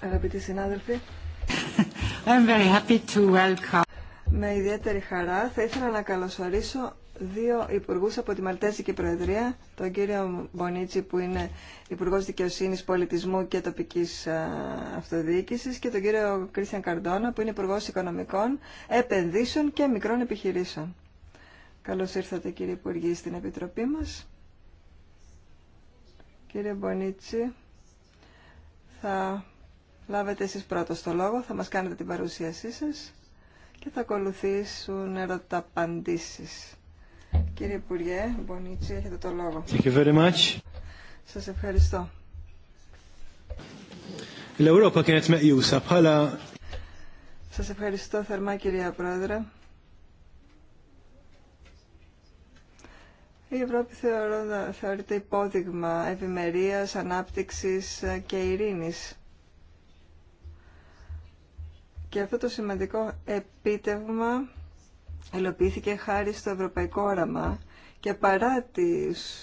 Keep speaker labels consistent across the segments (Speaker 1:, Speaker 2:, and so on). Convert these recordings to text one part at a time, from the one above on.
Speaker 1: Αγαπητοί συνάδελφοι, με ιδιαίτερη χαρά θα ήθελα να καλωσορίσω δύο υπουργού από τη Μαλτέζικη Προεδρία, τον κύριο Μπονίτσι που είναι Υπουργό Δικαιοσύνη, Πολιτισμού και Τοπική Αυτοδιοίκηση και τον κύριο Κρίσιαν Καρντόνα που είναι Υπουργό Οικονομικών, Επενδύσεων και Μικρών Επιχειρήσεων. Καλώ ήρθατε κύριε Υπουργή στην Επιτροπή μα. Κύριε Μπονίτσι, θα λάβετε εσείς πρώτος το λόγο, θα μας κάνετε την παρουσίασή σας και θα ακολουθήσουν ερωταπαντήσεις. Κύριε Υπουργέ Μπονίτσι, έχετε το λόγο. Thank you very much. Σας ευχαριστώ. Σας ευχαριστώ θερμά κυρία Πρόεδρε. Η Ευρώπη θεωρώ, θεωρείται υπόδειγμα ευημερία, ανάπτυξης και ειρήνης. Και αυτό το σημαντικό επίτευγμα υλοποιήθηκε χάρη στο ευρωπαϊκό όραμα και παρά τις,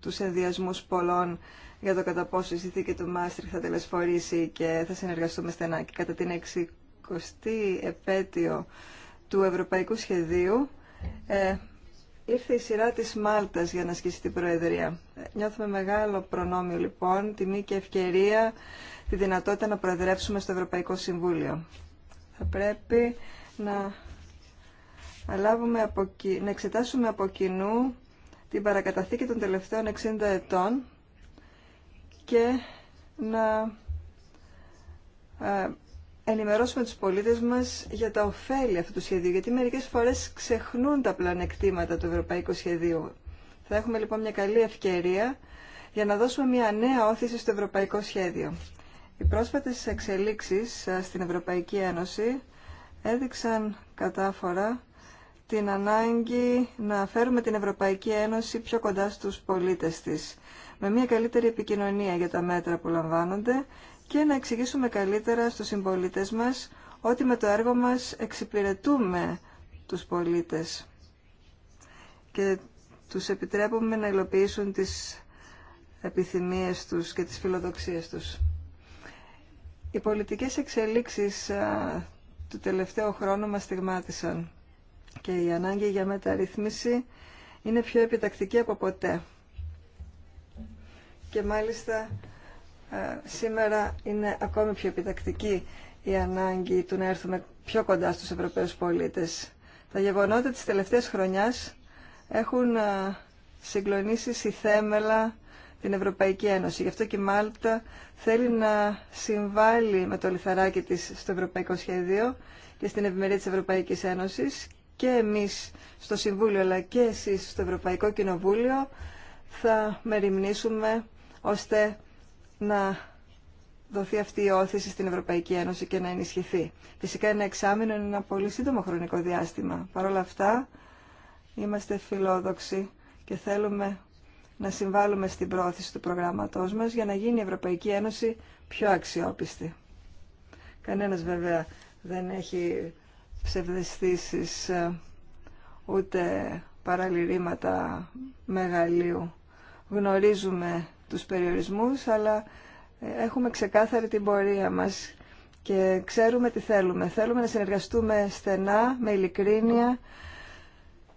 Speaker 1: τους ενδιασμούς πολλών για το κατά πόσο η συνθήκη του Μάστρικ θα τελεσφορήσει και θα συνεργαστούμε στενά και κατά την 60η επέτειο του Ευρωπαϊκού Σχεδίου ε, Ήρθε η σειρά της Μάλτας για να ασκήσει την Προεδρία. Νιώθουμε μεγάλο προνόμιο λοιπόν, τιμή και ευκαιρία, τη δυνατότητα να προεδρεύσουμε στο Ευρωπαϊκό Συμβούλιο. Θα πρέπει να, από... να εξετάσουμε από κοινού την παρακαταθήκη των τελευταίων 60 ετών και να ε, ενημερώσουμε τους πολίτες μας για τα ωφέλη αυτού του σχεδίου, γιατί μερικές φορές ξεχνούν τα πλανεκτήματα του Ευρωπαϊκού Σχεδίου. Θα έχουμε λοιπόν μια καλή ευκαιρία για να δώσουμε μια νέα όθηση στο Ευρωπαϊκό Σχέδιο. Οι πρόσφατες εξελίξεις ε, στην Ευρωπαϊκή Ένωση έδειξαν κατάφορα την ανάγκη να φέρουμε την Ευρωπαϊκή Ένωση πιο κοντά στους πολίτες της, με μια καλύτερη επικοινωνία για τα μέτρα που λαμβάνονται και να εξηγήσουμε καλύτερα στους συμπολίτες μας ότι με το έργο μας εξυπηρετούμε τους πολίτες και τους επιτρέπουμε να υλοποιήσουν τις επιθυμίες τους και τις φιλοδοξίες τους. Οι πολιτικές εξελίξεις του τελευταίου χρόνου μας στιγμάτισαν και η ανάγκη για μεταρρύθμιση είναι πιο επιτακτική από ποτέ. Και μάλιστα ε, σήμερα είναι ακόμη πιο επιτακτική η ανάγκη του να έρθουμε πιο κοντά στους Ευρωπαίους πολίτες. Τα γεγονότα της τελευταίας χρονιάς έχουν ε, συγκλονίσει στη θέμελα την Ευρωπαϊκή Ένωση. Γι' αυτό και η Μάλτα θέλει να συμβάλλει με το λιθαράκι της στο Ευρωπαϊκό Σχέδιο και στην ευημερία της Ευρωπαϊκής Ένωσης και εμείς στο Συμβούλιο αλλά και εσείς στο Ευρωπαϊκό Κοινοβούλιο θα μεριμνήσουμε ώστε να δοθεί αυτή η όθηση στην Ευρωπαϊκή Ένωση και να ενισχυθεί. Φυσικά ένα εξάμεινο είναι ένα πολύ σύντομο χρονικό διάστημα. Παρ' όλα αυτά είμαστε φιλόδοξοι και θέλουμε να συμβάλλουμε στην πρόθεση του προγράμματός μας για να γίνει η Ευρωπαϊκή Ένωση πιο αξιόπιστη. Κανένας βέβαια δεν έχει ψευδεστήσεις ε, ούτε παραλυρήματα μεγαλείου. Γνωρίζουμε τους περιορισμούς, αλλά ε, έχουμε ξεκάθαρη την πορεία μας και ξέρουμε τι θέλουμε. Θέλουμε να συνεργαστούμε στενά, με ειλικρίνεια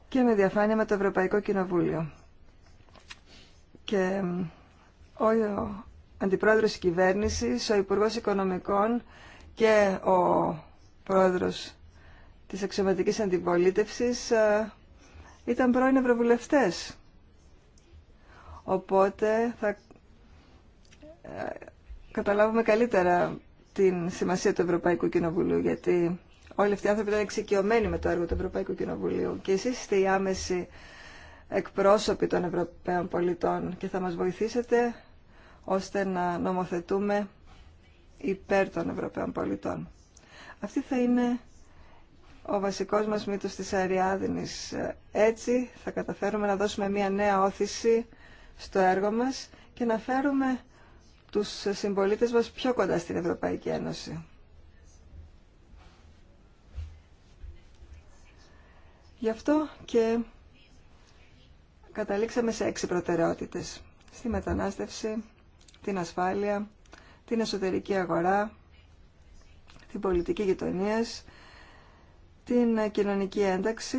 Speaker 1: και με διαφάνεια με το Ευρωπαϊκό Κοινοβούλιο. Και ο Αντιπρόεδρος της Κυβέρνησης, ο Υπουργός Οικονομικών και ο Πρόεδρος της Αξιωματικής Αντιπολίτευσης ε, ήταν πρώην Ευρωβουλευτές. Οπότε θα καταλάβουμε καλύτερα την σημασία του Ευρωπαϊκού Κοινοβουλίου, γιατί όλοι αυτοί οι άνθρωποι ήταν εξοικειωμένοι με το έργο του Ευρωπαϊκού Κοινοβουλίου και εσείς είστε οι άμεση εκπρόσωποι των Ευρωπαίων πολιτών και θα μας βοηθήσετε ώστε να νομοθετούμε υπέρ των Ευρωπαίων πολιτών. Αυτή θα είναι ο βασικός μας μύτος της Αριάδνης. Έτσι θα καταφέρουμε να δώσουμε μια νέα όθηση στο έργο μας και να φέρουμε τους συμπολίτες μας πιο κοντά στην Ευρωπαϊκή Ένωση. Γι' αυτό και καταλήξαμε σε έξι προτεραιότητες. Στη μετανάστευση, την ασφάλεια, την εσωτερική αγορά, την πολιτική γειτονία, την κοινωνική ένταξη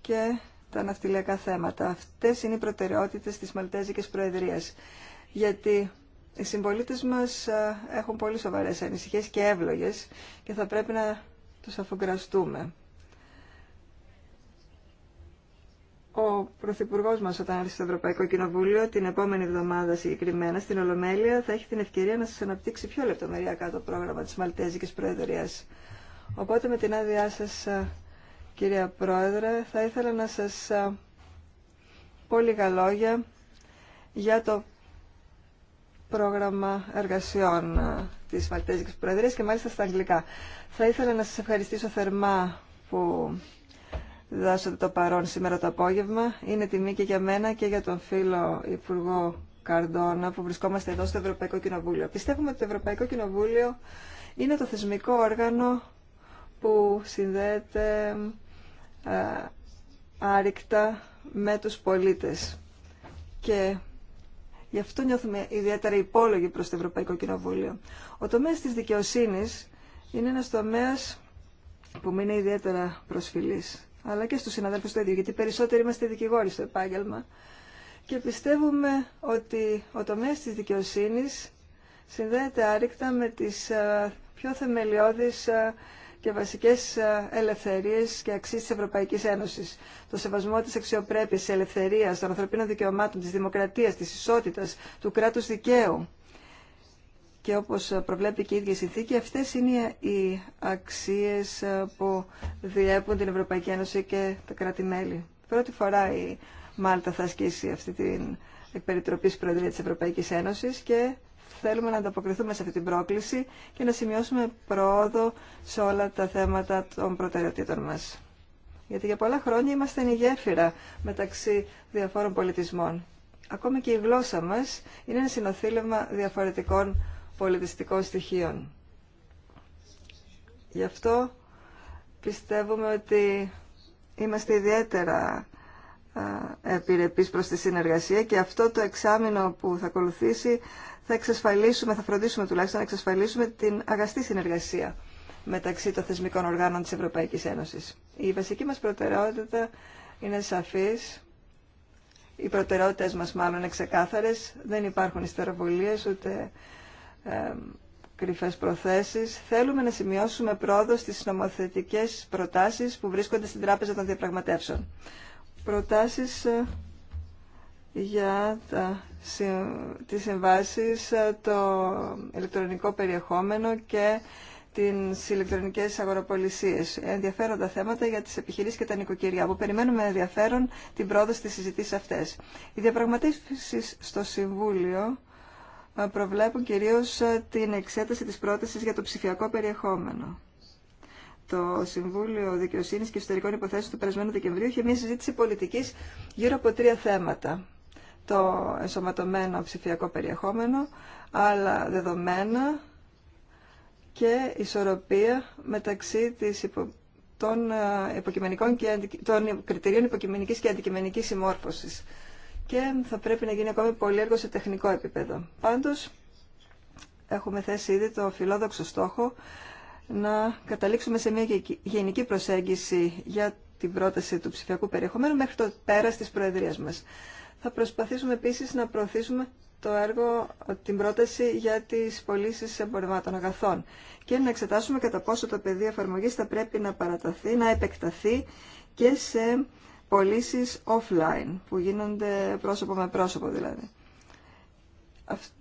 Speaker 1: και τα ναυτιλιακά θέματα. Αυτές είναι οι προτεραιότητες της Μαλτέζικης Προεδρίας. Γιατί οι συμπολίτε μα ε, έχουν πολύ σοβαρέ ανησυχίες και εύλογε και θα πρέπει να του αφογκραστούμε. Ο Πρωθυπουργό μα, όταν έρθει στο Ευρωπαϊκό Κοινοβούλιο, την επόμενη εβδομάδα συγκεκριμένα στην Ολομέλεια, θα έχει την ευκαιρία να σα αναπτύξει πιο λεπτομεριακά το πρόγραμμα τη Μαλτέζικη Προεδρία. Οπότε, με την άδειά σα, ε, κυρία Πρόεδρε, θα ήθελα να σα ε, πω λίγα λόγια για το πρόγραμμα εργασιών ε, της Μαλτέζικης Προεδρίας και μάλιστα στα αγγλικά. Θα ήθελα να σας ευχαριστήσω θερμά που δώσατε το παρόν σήμερα το απόγευμα. Είναι τιμή και για μένα και για τον φίλο Υπουργό Καρντόνα που βρισκόμαστε εδώ στο Ευρωπαϊκό Κοινοβούλιο. Πιστεύουμε ότι το Ευρωπαϊκό Κοινοβούλιο είναι το θεσμικό όργανο που συνδέεται ε, άρρηκτα με τους πολίτες. Και Γι' αυτό νιώθουμε ιδιαίτερα υπόλογοι προς το Ευρωπαϊκό Κοινοβούλιο. Ο τομέας της δικαιοσύνης είναι ένας τομέας που μείνει είναι ιδιαίτερα προσφυλής, αλλά και στους συναδέλφους το ίδιο, γιατί περισσότεροι είμαστε δικηγόροι στο επάγγελμα και πιστεύουμε ότι ο τομέας της δικαιοσύνης συνδέεται άρρηκτα με τις ε, πιο θεμελιώδεις ε, και βασικές ε, ελευθερίες και αξίες της Ευρωπαϊκής Ένωσης. Το σεβασμό της αξιοπρέπειας, της ελευθερίας, των ανθρωπίνων δικαιωμάτων, της δημοκρατίας, της ισότητας, του κράτους δικαίου. Και όπως προβλέπει και η ίδια συνθήκη, αυτές είναι οι αξίες ε, που διέπουν την Ευρωπαϊκή Ένωση και τα κράτη-μέλη. Πρώτη φορά η Μάλτα θα ασκήσει αυτή την εκπεριτροπής Προεδρία της Ευρωπαϊκής Ένωσης και θέλουμε να ανταποκριθούμε σε αυτή την πρόκληση και να σημειώσουμε πρόοδο σε όλα τα θέματα των προτεραιοτήτων μας. Γιατί για πολλά χρόνια είμαστε η γέφυρα μεταξύ διαφόρων πολιτισμών. Ακόμα και η γλώσσα μας είναι ένα συνοθήλευμα διαφορετικών πολιτιστικών στοιχείων. Γι' αυτό πιστεύουμε ότι είμαστε ιδιαίτερα επιρρεπείς προς τη συνεργασία και αυτό το εξάμεινο που θα ακολουθήσει θα εξασφαλίσουμε, θα φροντίσουμε τουλάχιστον να εξασφαλίσουμε την αγαστή συνεργασία μεταξύ των θεσμικών οργάνων της Ευρωπαϊκής Ένωσης. Η βασική μας προτεραιότητα είναι σαφής. Οι προτεραιότητες μας μάλλον είναι ξεκάθαρες. Δεν υπάρχουν ιστεροβολίες ούτε ε, κρυφές προθέσεις. Θέλουμε να σημειώσουμε πρόοδο στις νομοθετικές προτάσεις που βρίσκονται στην Τράπεζα των Διαπραγματεύσεων. Προτάσεις ε, για τα, τις συμβάσεις, ε, το ηλεκτρονικό περιεχόμενο και τις ηλεκτρονικές αγοροπολισίες. Ενδιαφέροντα θέματα για τις επιχειρήσεις και τα νοικοκυριά, που περιμένουμε ενδιαφέρον την πρόοδο στις συζητήσεις αυτές. Οι διαπραγματεύσεις στο Συμβούλιο ε, προβλέπουν κυρίως ε, την εξέταση της πρότασης για το ψηφιακό περιεχόμενο. Το Συμβούλιο Δικαιοσύνη και Ιστορικών Υποθέσεων του περασμένου Δεκεμβρίου είχε μια συζήτηση πολιτική γύρω από τρία θέματα το ενσωματωμένο ψηφιακό περιεχόμενο, άλλα δεδομένα και ισορροπία μεταξύ της των, ε, υποκειμενικών και των κριτηρίων υποκειμενικής και αντικειμενικής συμμόρφωσης. Και θα πρέπει να γίνει ακόμη πολύ έργο σε τεχνικό επίπεδο. Πάντως, έχουμε θέσει ήδη το φιλόδοξο στόχο να καταλήξουμε σε μια γενική προσέγγιση για την πρόταση του ψηφιακού περιεχομένου μέχρι το πέρας της Προεδρίας μας. Θα προσπαθήσουμε επίσης να προωθήσουμε το έργο, την πρόταση για τις πωλήσει εμπορευμάτων αγαθών και να εξετάσουμε κατά πόσο το πεδίο εφαρμογή θα πρέπει να παραταθεί, να επεκταθεί και σε πωλήσει offline που γίνονται πρόσωπο με πρόσωπο δηλαδή.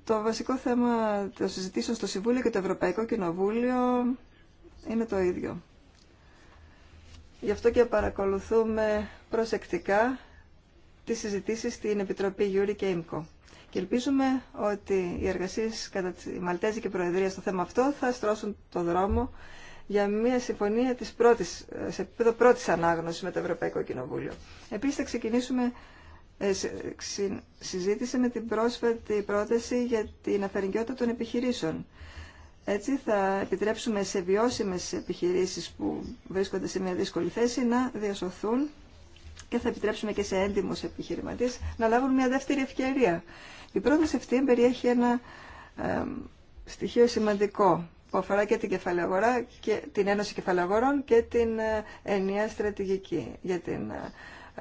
Speaker 1: το βασικό θέμα των συζητήσεων στο Συμβούλιο και το Ευρωπαϊκό Κοινοβούλιο είναι το ίδιο. Γι' αυτό και παρακολουθούμε προσεκτικά τις συζητήσεις στην Επιτροπή Γιούρη και ΙΜΚΟ. Και ελπίζουμε ότι οι εργασίες κατά τη Μαλτέζικη Προεδρία στο θέμα αυτό θα στρώσουν το δρόμο για μια συμφωνία της πρώτης, σε επίπεδο πρώτης ανάγνωσης με το Ευρωπαϊκό Κοινοβούλιο. Επίσης θα ξεκινήσουμε ε, συζήτηση με την πρόσφατη πρόταση για την αφαιρεγκαιότητα των επιχειρήσεων. Έτσι θα επιτρέψουμε σε βιώσιμες επιχειρήσεις που βρίσκονται σε μια δύσκολη θέση να διασωθούν και θα επιτρέψουμε και σε έντιμους επιχειρηματίες να λάβουν μια δεύτερη ευκαιρία. Η πρόταση αυτή περιέχει ένα ε, στοιχείο σημαντικό που αφορά και την κεφαλαγορά και την Ένωση Κεφαλαγόρων και την ε, ενιαία στρατηγική για την ε,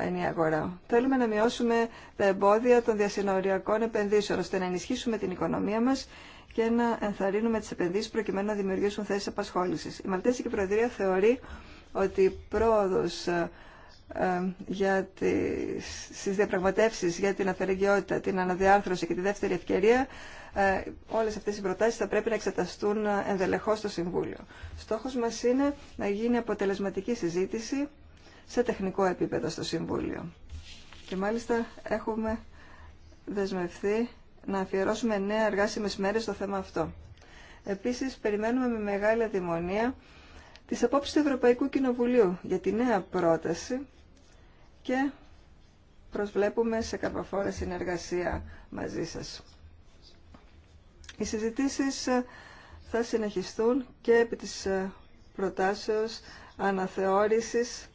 Speaker 1: ενιαία αγορά. Θέλουμε να μειώσουμε τα εμπόδια των διασυνοριακών επενδύσεων ώστε να ενισχύσουμε την οικονομία μας και να ενθαρρύνουμε τις επενδύσεις προκειμένου να δημιουργήσουν θέσεις απασχόλησης. Η Μαλτέζικη Προεδρία θεωρεί ότι η πρόοδος ε, ε, για τις, στις διαπραγματεύσεις για την αφαιρεγγιότητα, την αναδιάρθρωση και τη δεύτερη ευκαιρία, ε, όλες αυτές οι προτάσεις θα πρέπει να εξεταστούν ενδελεχώς στο Συμβούλιο. Στόχος μας είναι να γίνει αποτελεσματική συζήτηση σε τεχνικό επίπεδο στο Συμβούλιο. Και μάλιστα έχουμε δεσμευθεί να αφιερώσουμε νέα εργάσιμες μέρες στο θέμα αυτό. Επίσης, περιμένουμε με μεγάλη αδημονία τις απόψεις του Ευρωπαϊκού Κοινοβουλίου για τη νέα πρόταση και προσβλέπουμε σε καρποφόρα συνεργασία μαζί σας. Οι συζητήσεις ε, θα συνεχιστούν και επί της ε, προτάσεως αναθεώρησης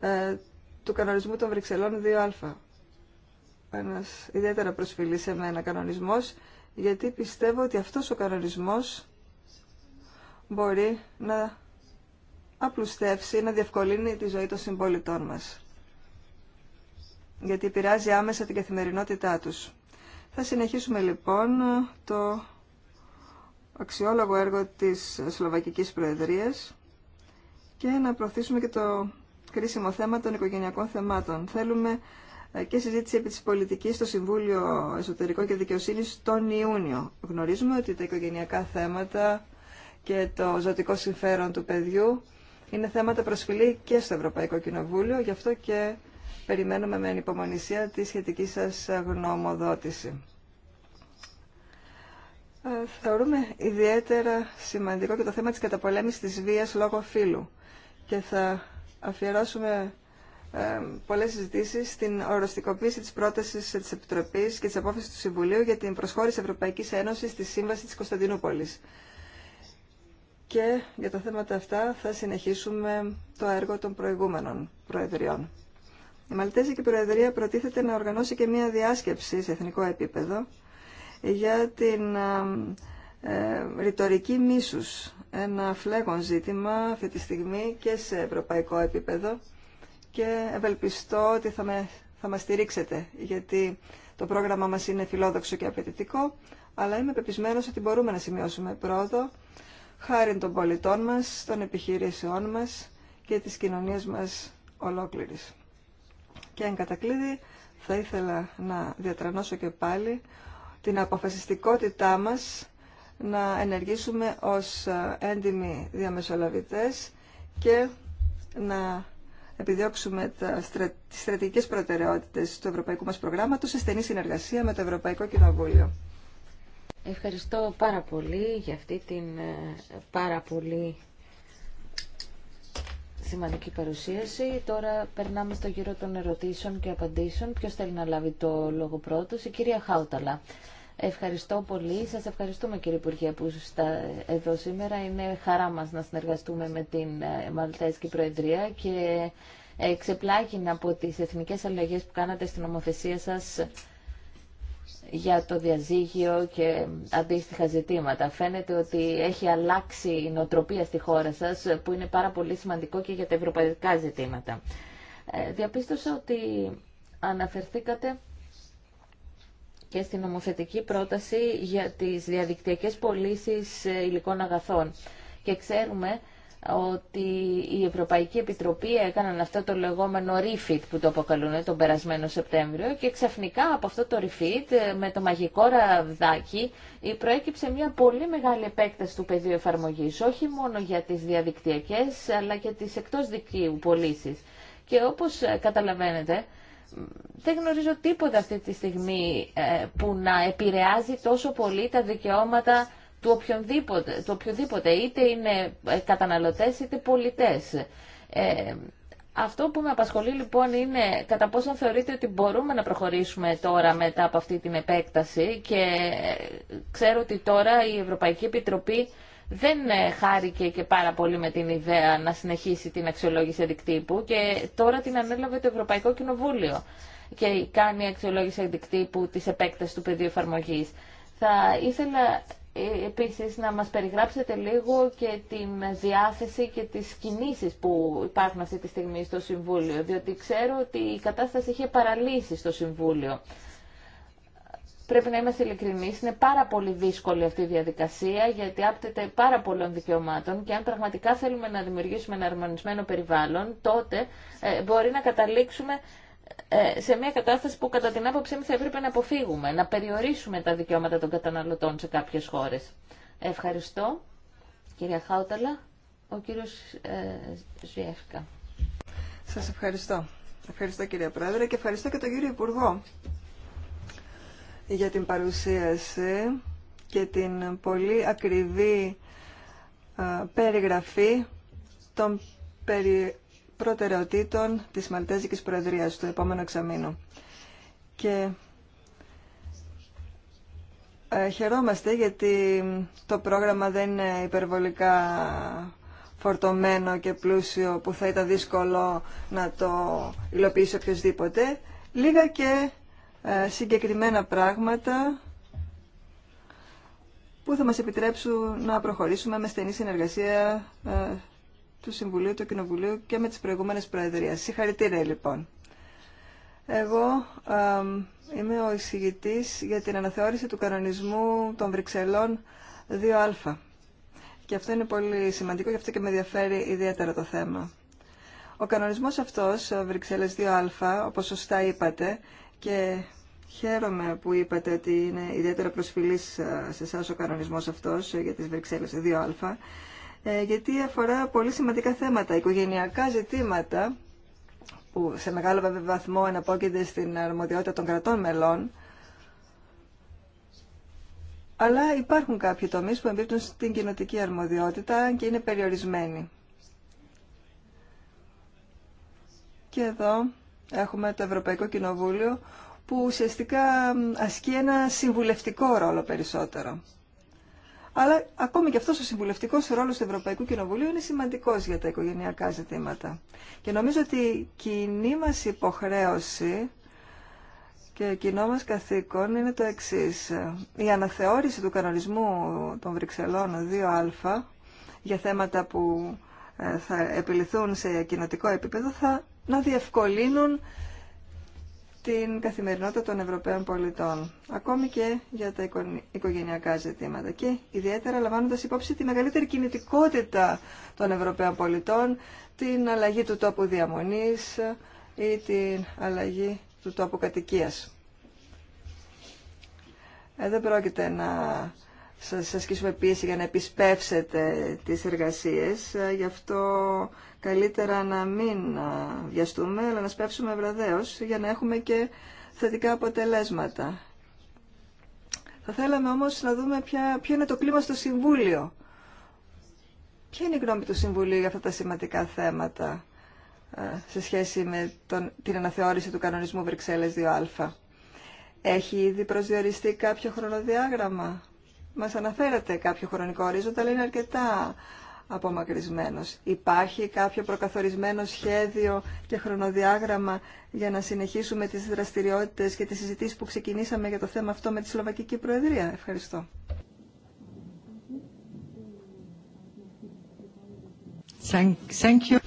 Speaker 1: ε, του κανονισμού των Βρυξελών 2α. Ένας ιδιαίτερα προσφυλή σε ένα κανονισμός, γιατί πιστεύω ότι αυτός ο κανονισμός μπορεί να απλουστεύσει, να διευκολύνει τη ζωή των συμπολιτών μας γιατί επηρεάζει άμεσα την καθημερινότητά τους. Θα συνεχίσουμε λοιπόν το αξιόλογο έργο της Σλοβακικής Προεδρίας και να προωθήσουμε και το κρίσιμο θέμα των οικογενειακών θεμάτων. Θέλουμε ε, και συζήτηση επί της πολιτικής στο Συμβούλιο Εσωτερικό και Δικαιοσύνης τον Ιούνιο. Γνωρίζουμε ότι τα οικογενειακά θέματα και το ζωτικό συμφέρον του παιδιού είναι θέματα προσφυλή και στο Ευρωπαϊκό Κοινοβούλιο, γι' αυτό και περιμένουμε με ανυπομονησία τη σχετική σας γνωμοδότηση. Ε, θεωρούμε ιδιαίτερα σημαντικό και το θέμα της καταπολέμησης της βίας λόγω φύλου και θα αφιερώσουμε ε, πολλές συζητήσεις στην οριστικοποίηση της πρότασης της Επιτροπής και της απόφασης του Συμβουλίου για την προσχώρηση Ευρωπαϊκής Ένωσης στη Σύμβαση της Κωνσταντινούπολης. Και για τα θέματα αυτά θα συνεχίσουμε το έργο των προηγούμενων Προεδριών. Η Μαλτέζικη Προεδρία προτίθεται να οργανώσει και μία διάσκεψη σε εθνικό επίπεδο για την ε, ρητορική μίσους, ένα φλέγον ζήτημα αυτή τη στιγμή και σε ευρωπαϊκό επίπεδο και ευελπιστώ ότι θα, με, θα μας στηρίξετε γιατί το πρόγραμμα μας είναι φιλόδοξο και απαιτητικό αλλά είμαι πεπισμένος ότι μπορούμε να σημειώσουμε πρόοδο χάρη των πολιτών μας, των επιχειρήσεών μας και της κοινωνίας μας ολόκληρης. Και εν κατακλείδη θα ήθελα να διατρανώσω και πάλι την αποφασιστικότητά μας να ενεργήσουμε ως ε, έντιμοι διαμεσολαβητές και να επιδιώξουμε τα στρα... τις στρατηγικές προτεραιότητες του ευρωπαϊκού μας προγράμματος σε στενή συνεργασία με το Ευρωπαϊκό Κοινοβούλιο.
Speaker 2: Ευχαριστώ πάρα πολύ για αυτή την ε, πάρα πολύ σημαντική παρουσίαση. Τώρα περνάμε στο γύρο των ερωτήσεων και απαντήσεων. Ποιος θέλει να λάβει το λόγο πρώτος, η κυρία Χάουταλα. Ευχαριστώ πολύ. Σας ευχαριστούμε κύριε Υπουργέ που είστε εδώ σήμερα. Είναι χαρά μας να συνεργαστούμε με την ε, Μαλτέσκη Προεδρία και εξεπλάγει από τις εθνικές αλλαγές που κάνατε στην ομοθεσία σας για το διαζύγιο και αντίστοιχα ζητήματα. Φαίνεται ότι έχει αλλάξει η νοοτροπία στη χώρα σας, που είναι πάρα πολύ σημαντικό και για τα ευρωπαϊκά ζητήματα. Ε, διαπίστωσα ότι αναφερθήκατε και στην νομοθετική πρόταση για τις διαδικτυακές πωλήσει ε, υλικών αγαθών. Και ξέρουμε ότι η Ευρωπαϊκή Επιτροπή έκαναν αυτό το λεγόμενο refit που το αποκαλούν ε, τον περασμένο Σεπτέμβριο και ξαφνικά από αυτό το refit ε, με το μαγικό ραβδάκι προέκυψε μια πολύ μεγάλη επέκταση του πεδίου εφαρμογής όχι μόνο για τις διαδικτυακές αλλά και τις εκτός δικτύου πωλήσει. Και όπως ε, καταλαβαίνετε δεν γνωρίζω τίποτα αυτή τη στιγμή που να επηρεάζει τόσο πολύ τα δικαιώματα του οποιονδήποτε, του οποιοδήποτε, είτε είναι ε, καταναλωτές είτε πολιτές. Ε, αυτό που με απασχολεί λοιπόν είναι κατά πόσο θεωρείτε ότι μπορούμε να προχωρήσουμε τώρα μετά από αυτή την επέκταση και ε, ξέρω ότι τώρα η Ευρωπαϊκή Επιτροπή δεν ε, χάρηκε και πάρα πολύ με την ιδέα να συνεχίσει την αξιολόγηση αντικτύπου και τώρα την ανέλαβε το Ευρωπαϊκό Κοινοβούλιο και κάνει αξιολόγηση αντικτύπου της επέκτασης του πεδίου εφαρμογής. Θα ήθελα επίσης να μας περιγράψετε λίγο και την διάθεση και τις κινήσεις που υπάρχουν αυτή τη στιγμή στο Συμβούλιο, διότι ξέρω ότι η κατάσταση είχε παραλύσει στο Συμβούλιο. Πρέπει να είμαστε ειλικρινεί. Είναι πάρα πολύ δύσκολη αυτή η διαδικασία γιατί άπτεται πάρα πολλών δικαιωμάτων και αν πραγματικά θέλουμε να δημιουργήσουμε ένα αρμονισμένο περιβάλλον τότε ε, μπορεί να καταλήξουμε ε, σε μια κατάσταση που κατά την άποψή μου θα έπρεπε να αποφύγουμε, να περιορίσουμε τα δικαιώματα των καταναλωτών σε κάποιες χώρες. Ευχαριστώ. Κυρία Χάουταλα, ο κύριος ε, Ζιέφκα. Σας ευχαριστώ.
Speaker 1: Ευχαριστώ κυρία Πρόεδρε και ευχαριστώ και τον κύριο Υπουργό για την παρουσίαση και την πολύ ακριβή ε, περιγραφή των περιορισμών προτεραιοτήτων της Μαλτέζικης Προεδρίας του επόμενου εξαμήνου. Και ε, χαιρόμαστε γιατί το πρόγραμμα δεν είναι υπερβολικά φορτωμένο και πλούσιο που θα ήταν δύσκολο να το υλοποιήσει οποιοδήποτε. Λίγα και ε, συγκεκριμένα πράγματα που θα μας επιτρέψουν να προχωρήσουμε με στενή συνεργασία ε, του Συμβουλίου, του Κοινοβουλίου και με τις προηγούμενες Προεδρίες. Συγχαρητήρια λοιπόν. Εγώ ε, είμαι ο εισηγητής για την αναθεώρηση του κανονισμού των Βρυξελών 2α. Και αυτό είναι πολύ σημαντικό, γι' αυτό και με ενδιαφέρει ιδιαίτερα το θέμα. Ο κανονισμός αυτός, ε, Βρυξέλλες 2α, όπως σωστά είπατε, και χαίρομαι που είπατε ότι είναι ιδιαίτερα προσφυλής ε, σε εσά ο κανονισμός αυτός ε, για τις Βρυξέλλες 2α, ε, γιατί αφορά πολύ σημαντικά θέματα, οικογενειακά ζητήματα που σε μεγάλο βαθμό αναπόκεινται στην αρμοδιότητα των κρατών μελών αλλά υπάρχουν κάποιοι τομείς που εμπίπτουν στην κοινοτική αρμοδιότητα και είναι περιορισμένοι. Και εδώ έχουμε το Ευρωπαϊκό Κοινοβούλιο που ουσιαστικά ασκεί ένα συμβουλευτικό ρόλο περισσότερο αλλά ακόμη και αυτό, ο συμβουλευτικό ρόλο του Ευρωπαϊκού Κοινοβουλίου είναι σημαντικός για τα οικογενειακά ζητήματα. Και νομίζω ότι η κοινή μα υποχρέωση και κοινό μα καθήκον είναι το εξή. Η αναθεώρηση του κανονισμού των Βρυξελών 2α για θέματα που ε, θα επιληθούν σε κοινοτικό επίπεδο θα να διευκολύνουν την καθημερινότητα των Ευρωπαίων πολιτών, ακόμη και για τα οικογενειακά ζητήματα και ιδιαίτερα λαμβάνοντας υπόψη τη μεγαλύτερη κινητικότητα των Ευρωπαίων πολιτών, την αλλαγή του τόπου διαμονής ή την αλλαγή του τόπου κατοικίας. Ε, δεν πρόκειται να σας ασκήσουμε πίεση για να επισπεύσετε τις εργασίες. Γι' αυτό καλύτερα να μην βιαστούμε, αλλά να σπεύσουμε βραδέως για να έχουμε και θετικά αποτελέσματα. Θα θέλαμε όμως να δούμε ποιο είναι το κλίμα στο Συμβούλιο. Ποια είναι η γνώμη του Συμβουλίου για αυτά τα σημαντικά θέματα σε σχέση με τον, την αναθεώρηση του κανονισμού Βρυξέλλες 2α. Έχει ήδη προσδιοριστεί κάποιο χρονοδιάγραμμα μας αναφέρατε κάποιο χρονικό ορίζοντα, αλλά είναι αρκετά απομακρυσμένος. Υπάρχει κάποιο προκαθορισμένο σχέδιο και χρονοδιάγραμμα για να συνεχίσουμε τις δραστηριότητες και τις συζητήσεις που ξεκινήσαμε για το θέμα αυτό με τη Σλοβακική Προεδρία. Ευχαριστώ. Thank you.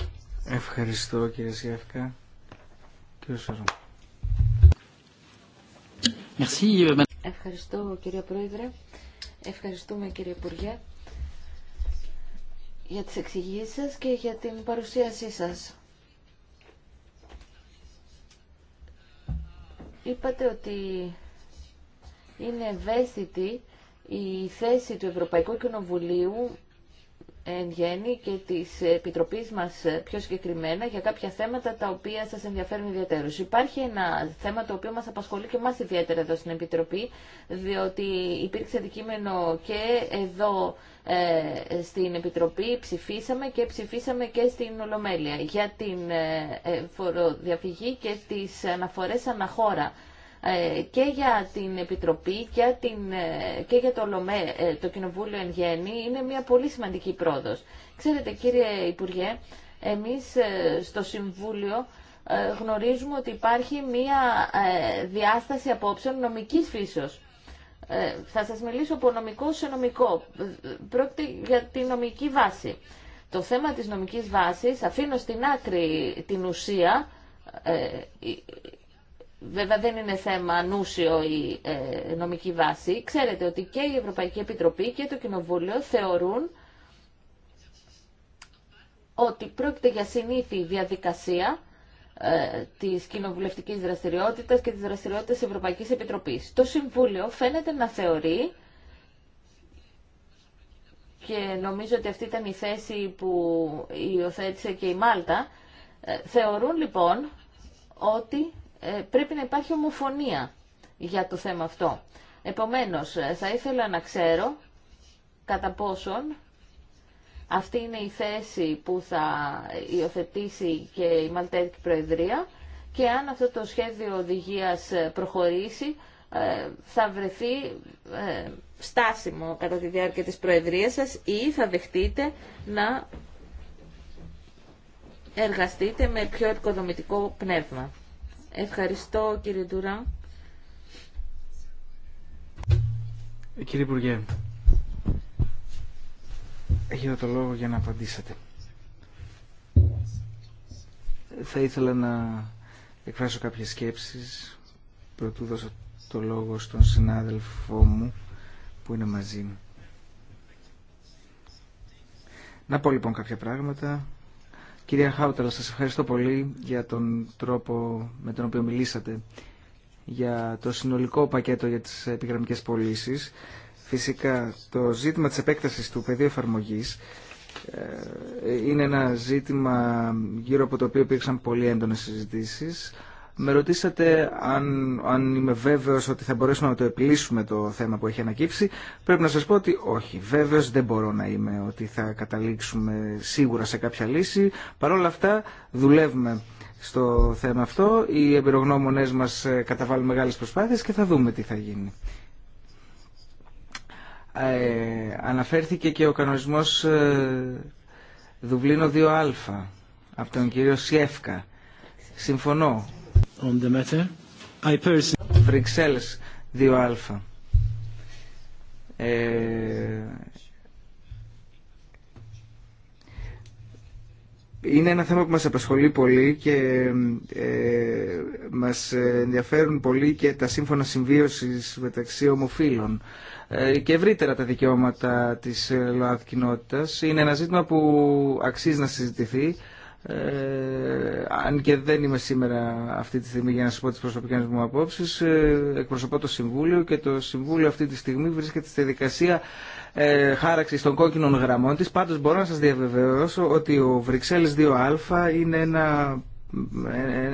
Speaker 3: Ευχαριστώ κύριε Σιέφκα.
Speaker 2: Ευχαριστώ κύριε Πρόεδρε. Ευχαριστούμε κύριε Υπουργέ για τις εξηγήσεις σας και για την παρουσίασή σας. Είπατε ότι είναι ευαίσθητη η θέση του Ευρωπαϊκού Κοινοβουλίου εν γέννη και της Επιτροπής μας πιο συγκεκριμένα για κάποια θέματα τα οποία σας ενδιαφέρουν ιδιαίτερως. Υπάρχει ένα θέμα το οποίο μας απασχολεί και μας ιδιαίτερα εδώ στην Επιτροπή, διότι υπήρξε αντικείμενο και εδώ ε, στην Επιτροπή ψηφίσαμε και ψηφίσαμε και στην Ολομέλεια για την ε, φοροδιαφυγή και τις αναφορές αναχώρα ε, και για την Επιτροπή και, την, ε, και για το, ΛΟΜΕ, το Κοινοβούλιο εν γέννη είναι μια πολύ σημαντική πρόοδος. Ξέρετε κύριε Υπουργέ, εμείς ε, στο Συμβούλιο γνωρίζουμε ότι υπάρχει μια διάσταση απόψεων νομικής φύσεως. Θα σας μιλήσω από νομικό σε νομικό. Πρόκειται για τη νομική βάση. Το θέμα της νομικής βάσης αφήνω στην άκρη την ουσία Βέβαια δεν είναι θέμα ανούσιο η ε, νομική βάση. Ξέρετε ότι και η Ευρωπαϊκή Επιτροπή και το Κοινοβούλιο θεωρούν ότι πρόκειται για συνήθη διαδικασία ε, της κοινοβουλευτικής δραστηριότητας και της δραστηριότητας της Ευρωπαϊκής Επιτροπής. Το Συμβούλιο φαίνεται να θεωρεί και νομίζω ότι αυτή ήταν η θέση που υιοθέτησε και η Μάλτα. Ε, θεωρούν λοιπόν ότι ε, πρέπει να υπάρχει ομοφωνία για το θέμα αυτό. Επομένως, ε, θα ήθελα να ξέρω κατά πόσον αυτή είναι η θέση που θα υιοθετήσει και η Μαλτέρικη Προεδρία και αν αυτό το σχέδιο οδηγίας ε, προχωρήσει θα βρεθεί στάσιμο κατά τη διάρκεια της Προεδρίας σας ή θα δεχτείτε να εργαστείτε με πιο επικοδομητικό πνεύμα. Ευχαριστώ κύριε Ντουρά.
Speaker 3: Κύριε Υπουργέ, έχετε το λόγο για να απαντήσετε. Θα ήθελα να εκφράσω κάποιες σκέψεις πρωτού δώσω το λόγο στον συνάδελφό μου που είναι μαζί μου. Να πω λοιπόν κάποια πράγματα Κυρία Χάουταλα, σας ευχαριστώ πολύ για τον τρόπο με τον οποίο μιλήσατε για το συνολικό πακέτο για τις επιγραμμικές πωλήσει. Φυσικά, το ζήτημα της επέκτασης του πεδίου εφαρμογής ε, είναι ένα ζήτημα γύρω από το οποίο υπήρξαν πολύ έντονες συζητήσεις. Με ρωτήσατε αν, αν είμαι βέβαιος ότι θα μπορέσουμε να το επιλύσουμε το θέμα που έχει ανακύψει. Πρέπει να σας πω ότι όχι. Βέβαιος δεν μπορώ να είμαι ότι θα καταλήξουμε σίγουρα σε κάποια λύση. Παρ' όλα αυτά δουλεύουμε στο θέμα αυτό. Οι εμπειρογνώμονές μας ε, καταβάλουν μεγάλες προσπάθειες και θα δούμε τι θα γίνει. Ε, αναφέρθηκε και ο κανονισμός ε, Δουβλίνο 2α από τον κύριο Σιέφκα. Συμφωνώ on 2 2α. Ε, είναι ένα θέμα που μας απασχολεί πολύ και ε, μας ενδιαφέρουν πολύ και τα σύμφωνα συμβίωσης μεταξύ ομοφύλων ε, και ευρύτερα τα δικαιώματα της ΛΟΑΔ κοινότητας. Είναι ένα ζήτημα που αξίζει να συζητηθεί ε, αν και δεν είμαι σήμερα αυτή τη στιγμή για να σας πω τις προσωπικές μου απόψεις ε, εκπροσωπώ το Συμβούλιο και το Συμβούλιο αυτή τη στιγμή βρίσκεται στη δικασία ε, χάραξης των κόκκινων γραμμών της πάντως μπορώ να σας διαβεβαιώσω ότι ο Βρυξέλλες 2α είναι ένα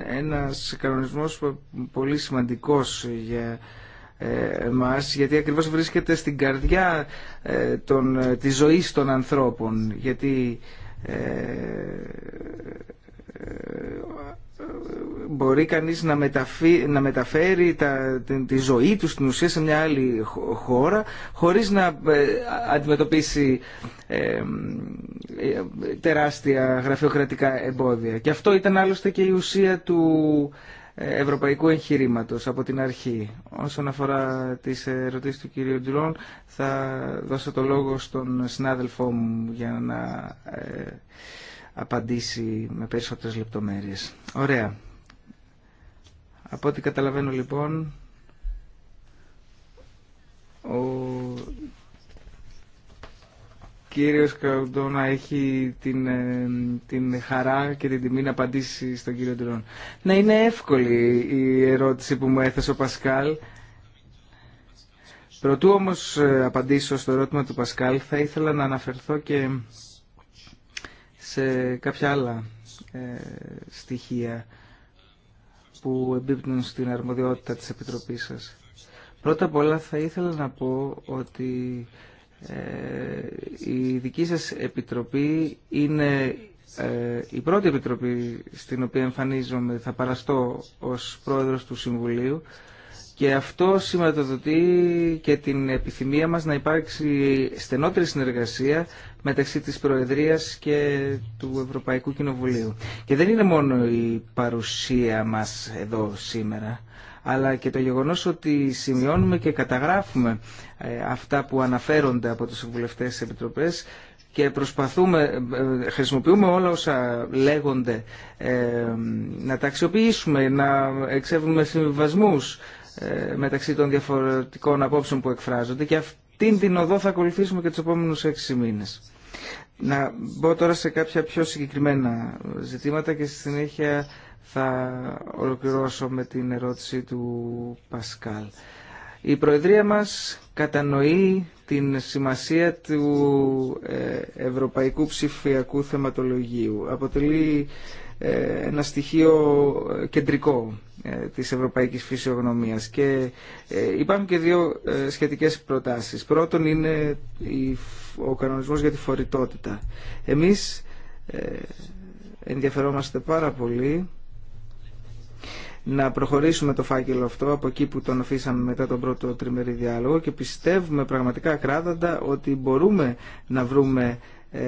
Speaker 3: ε, ένας κανονισμός πολύ σημαντικός για ε, μας γιατί ακριβώς βρίσκεται στην καρδιά των, της ζωής των ανθρώπων γιατί ε, ε, ε, μπορεί κανείς να, μεταφέρει, να μεταφέρει τα, τη ζωή του στην ουσία σε μια άλλη χώρα χωρίς να αντιμετωπίσει τεράστια γραφειοκρατικά εμπόδια. Και αυτό ήταν άλλωστε και η ουσία του ευρωπαϊκού εγχειρήματο από την αρχή. Όσον αφορά τις ερωτήσεις του κυρίου Τζουλόν, θα δώσω το λόγο στον συνάδελφό μου για να ε, απαντήσει με περισσότερες λεπτομέρειες. Ωραία. Από ό,τι καταλαβαίνω λοιπόν, ο κύριος Καουντόνα έχει την, ε, την χαρά και την τιμή να απαντήσει στον κύριο Τον. Να είναι εύκολη η ερώτηση που μου έθεσε ο Πασκάλ. Προτού όμως ε, απαντήσω στο ερώτημα του Πασκάλ, θα ήθελα να αναφερθώ και σε κάποια άλλα ε, στοιχεία που εμπίπτουν στην αρμοδιότητα της Επιτροπής σας. Πρώτα απ' όλα θα ήθελα να πω ότι ε, η δική σας επιτροπή είναι ε, η πρώτη επιτροπή στην οποία εμφανίζομαι, θα παραστώ ως πρόεδρος του Συμβουλίου και αυτό σηματοδοτεί και την επιθυμία μας να υπάρξει στενότερη συνεργασία μεταξύ της Προεδρίας και του Ευρωπαϊκού Κοινοβουλίου. Και δεν είναι μόνο η παρουσία μας εδώ σήμερα, αλλά και το γεγονός ότι σημειώνουμε και καταγράφουμε ε, αυτά που αναφέρονται από τους συμβουλευτές της Επιτροπές και προσπαθούμε, ε, χρησιμοποιούμε όλα όσα λέγονται, ε, να τα αξιοποιήσουμε, να εξεύουμε συμβιβασμούς μεταξύ των διαφορετικών απόψεων που εκφράζονται και αυτήν την οδό θα ακολουθήσουμε και τους επόμενους έξι μήνες. Να μπω τώρα σε κάποια πιο συγκεκριμένα ζητήματα και στη συνέχεια θα ολοκληρώσω με την ερώτηση του Πασκάλ. Η Προεδρία μας κατανοεί την σημασία του ε, Ευρωπαϊκού Ψηφιακού Θεματολογίου. Αποτελεί ε, ένα στοιχείο ε, κεντρικό της ευρωπαϊκής φυσιογνωμίας και υπάρχουν και δύο σχετικές προτάσεις. Πρώτον είναι ο κανονισμός για τη φορητότητα. Εμείς ενδιαφερόμαστε πάρα πολύ να προχωρήσουμε το φάκελο αυτό από εκεί που τον αφήσαμε μετά τον πρώτο τριμερή διάλογο και πιστεύουμε πραγματικά ακράδαντα ότι μπορούμε να βρούμε ε,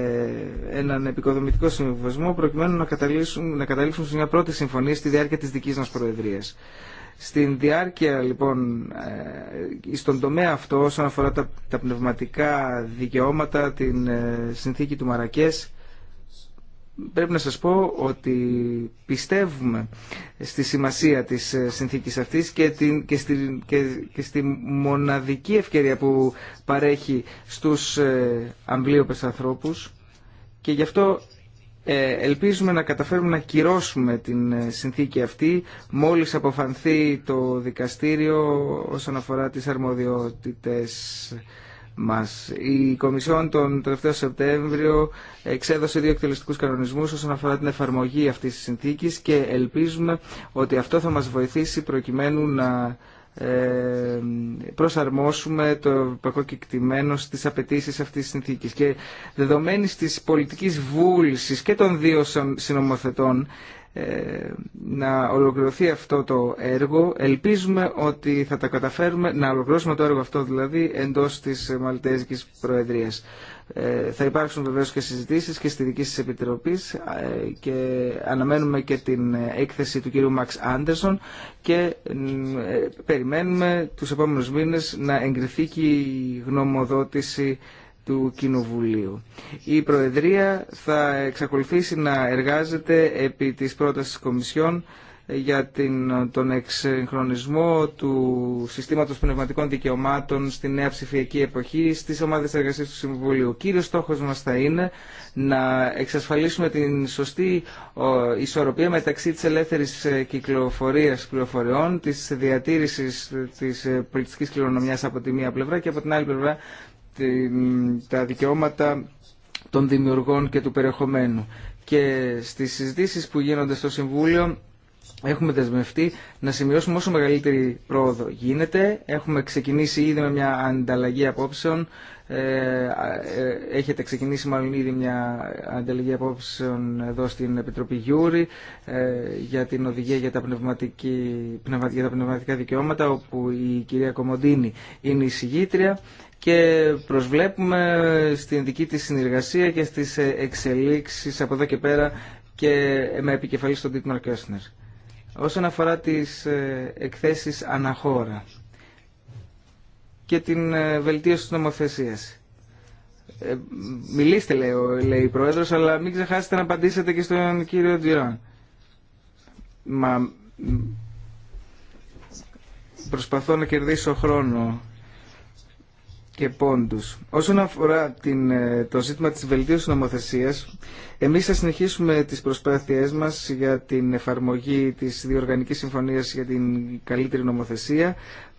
Speaker 3: έναν επικοδομητικό συμβιβασμό προκειμένου να καταλήξουμε, να σε μια πρώτη συμφωνία στη διάρκεια της δικής μας Προεδρίας. Στην διάρκεια λοιπόν, ε, στον τομέα αυτό όσον αφορά τα, πνευματικά δικαιώματα, την ε, συνθήκη του Μαρακές, πρέπει να σας πω ότι πιστεύουμε στη σημασία της ε, συνθήκης αυτής και, την, και, στη, και, στη μοναδική ευκαιρία που παρέχει στους ε, αμβλίωπες ανθρώπους και γι' αυτό ε, ελπίζουμε να καταφέρουμε να κυρώσουμε την συνθήκη αυτή μόλις αποφανθεί το δικαστήριο όσον αφορά τις αρμοδιότητες η Κομισιόν τον τελευταίο Σεπτέμβριο εξέδωσε δύο εκτελεστικούς κανονισμούς όσον αφορά την εφαρμογή αυτής της συνθήκης και ελπίζουμε ότι αυτό θα μας βοηθήσει προκειμένου να ε, προσαρμόσουμε το ευρωπαϊκό κεκτημένο στις απαιτήσεις αυτής της συνθήκης. Και δεδομένης της πολιτικής βούλησης και των δύο συνομοθετών ε, να ολοκληρωθεί αυτό το έργο. Ελπίζουμε ότι θα τα καταφέρουμε να ολοκληρώσουμε το έργο αυτό δηλαδή εντός της Μαλτέζικης Προεδρίας. Ε, θα υπάρξουν βεβαίως και συζητήσεις και στη δική σας επιτροπή ε, και αναμένουμε και την έκθεση του κύριου Μαξ Άντερσον και περιμένουμε τους επόμενους μήνες να εγκριθεί και η γνωμοδότηση του Κοινοβουλίου. Η Προεδρία θα εξακολουθήσει να εργάζεται επί της πρότασης της Κομισιόν για την, τον εξυγχρονισμό του συστήματος πνευματικών δικαιωμάτων στη νέα ψηφιακή εποχή στις ομάδες εργασίας του Συμβουλίου. Ο κύριος στόχος μας θα είναι να εξασφαλίσουμε την σωστή ισορροπία μεταξύ της ελεύθερης ε, κυκλοφορίας πληροφοριών, της διατήρησης ε, της ε, πολιτικής κληρονομιάς από τη μία πλευρά και από την άλλη πλευρά τα δικαιώματα των δημιουργών και του περιεχομένου. Και στις συζητήσεις που γίνονται στο Συμβούλιο Έχουμε δεσμευτεί να σημειώσουμε όσο μεγαλύτερη πρόοδο γίνεται. Έχουμε ξεκινήσει ήδη με μια ανταλλαγή απόψεων. Ε, ε, έχετε ξεκινήσει μάλλον ήδη μια ανταλλαγή απόψεων εδώ στην Επιτροπή Γιούρη ε, για την οδηγία για τα, για πνευματικά δικαιώματα όπου η κυρία Κομοντίνη είναι η συγγήτρια και προσβλέπουμε στην δική της συνεργασία και στις εξελίξεις από εδώ και πέρα και με επικεφαλή στον Τίτμαρ Κέσνερ. Όσον αφορά τις ε, εκθέσεις αναχώρα και την ε, βελτίωση της νομοθεσίας. Ε, μιλήστε λέει, λέει η Πρόεδρος, αλλά μην ξεχάσετε να απαντήσετε και στον κύριο Τζιρόν. Μα προσπαθώ να κερδίσω χρόνο και Όσον αφορά την, ε, το ζήτημα της βελτίωσης νομοθεσία, εμεί θα συνεχίσουμε τι προσπάθειε μα για την εφαρμογή της Διοργανικής Συμφωνίας για την καλύτερη νομοθεσία,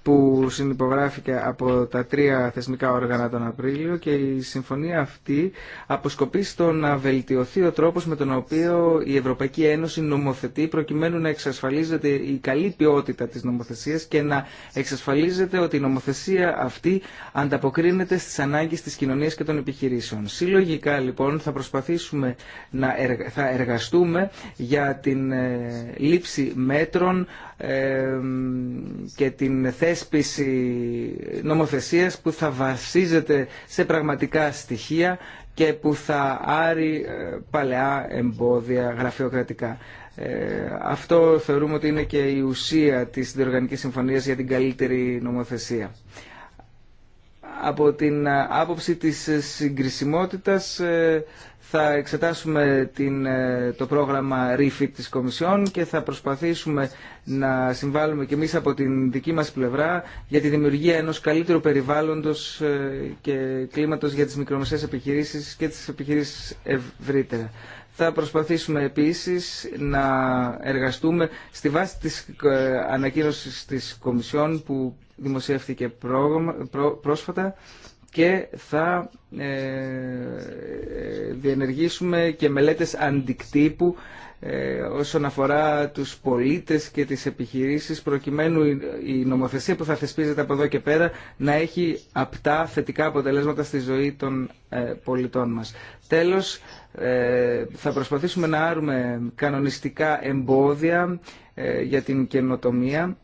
Speaker 3: που συνυπογράφηκε από τα τρία θεσμικά όργανα τον Απρίλιο και η συμφωνία αυτή αποσκοπεί στο να βελτιωθεί ο τρόπος με τον οποίο η Ευρωπαϊκή Ένωση νομοθετεί προκειμένου να εξασφαλίζεται η καλή ποιότητα της νομοθεσίας και να εξασφαλίζεται ότι η νομοθεσία αυτή ανταποκρίνεται στις ανάγκες της κοινωνίας και των επιχειρήσεων. Συλλογικά λοιπόν θα προσπαθήσουμε να θα εργαστούμε για την ε, λήψη μέτρων ε, και την θέση θέσπιση νομοθεσίας που θα βασίζεται σε πραγματικά στοιχεία και που θα άρει ε, παλαιά εμπόδια γραφειοκρατικά. Ε, αυτό θεωρούμε ότι είναι και η ουσία της Διοργανικής Συμφωνίας για την καλύτερη νομοθεσία από την άποψη της συγκρισιμότητας ε, θα εξετάσουμε την, ε, το πρόγραμμα REFIT της Κομισιόν και θα προσπαθήσουμε να συμβάλλουμε και εμείς από την δική μας πλευρά για τη δημιουργία ενός καλύτερου περιβάλλοντος ε, και κλίματος για τις μικρομεσαίες επιχειρήσεις και τις επιχειρήσεις ευρύτερα. Θα προσπαθήσουμε επίσης να εργαστούμε στη βάση της ανακοίνωσης της Κομισιόν που δημοσιεύτηκε πρόσφατα και θα ε, διενεργήσουμε και μελέτες αντικτύπου ε, όσον αφορά τους πολίτες και τις επιχειρήσεις προκειμένου η νομοθεσία που θα θεσπίζεται από εδώ και πέρα να έχει απτά θετικά αποτελέσματα στη ζωή των ε, πολιτών μας. Τέλος, θα προσπαθήσουμε να άρουμε κανονιστικά εμπόδια για την καινοτομία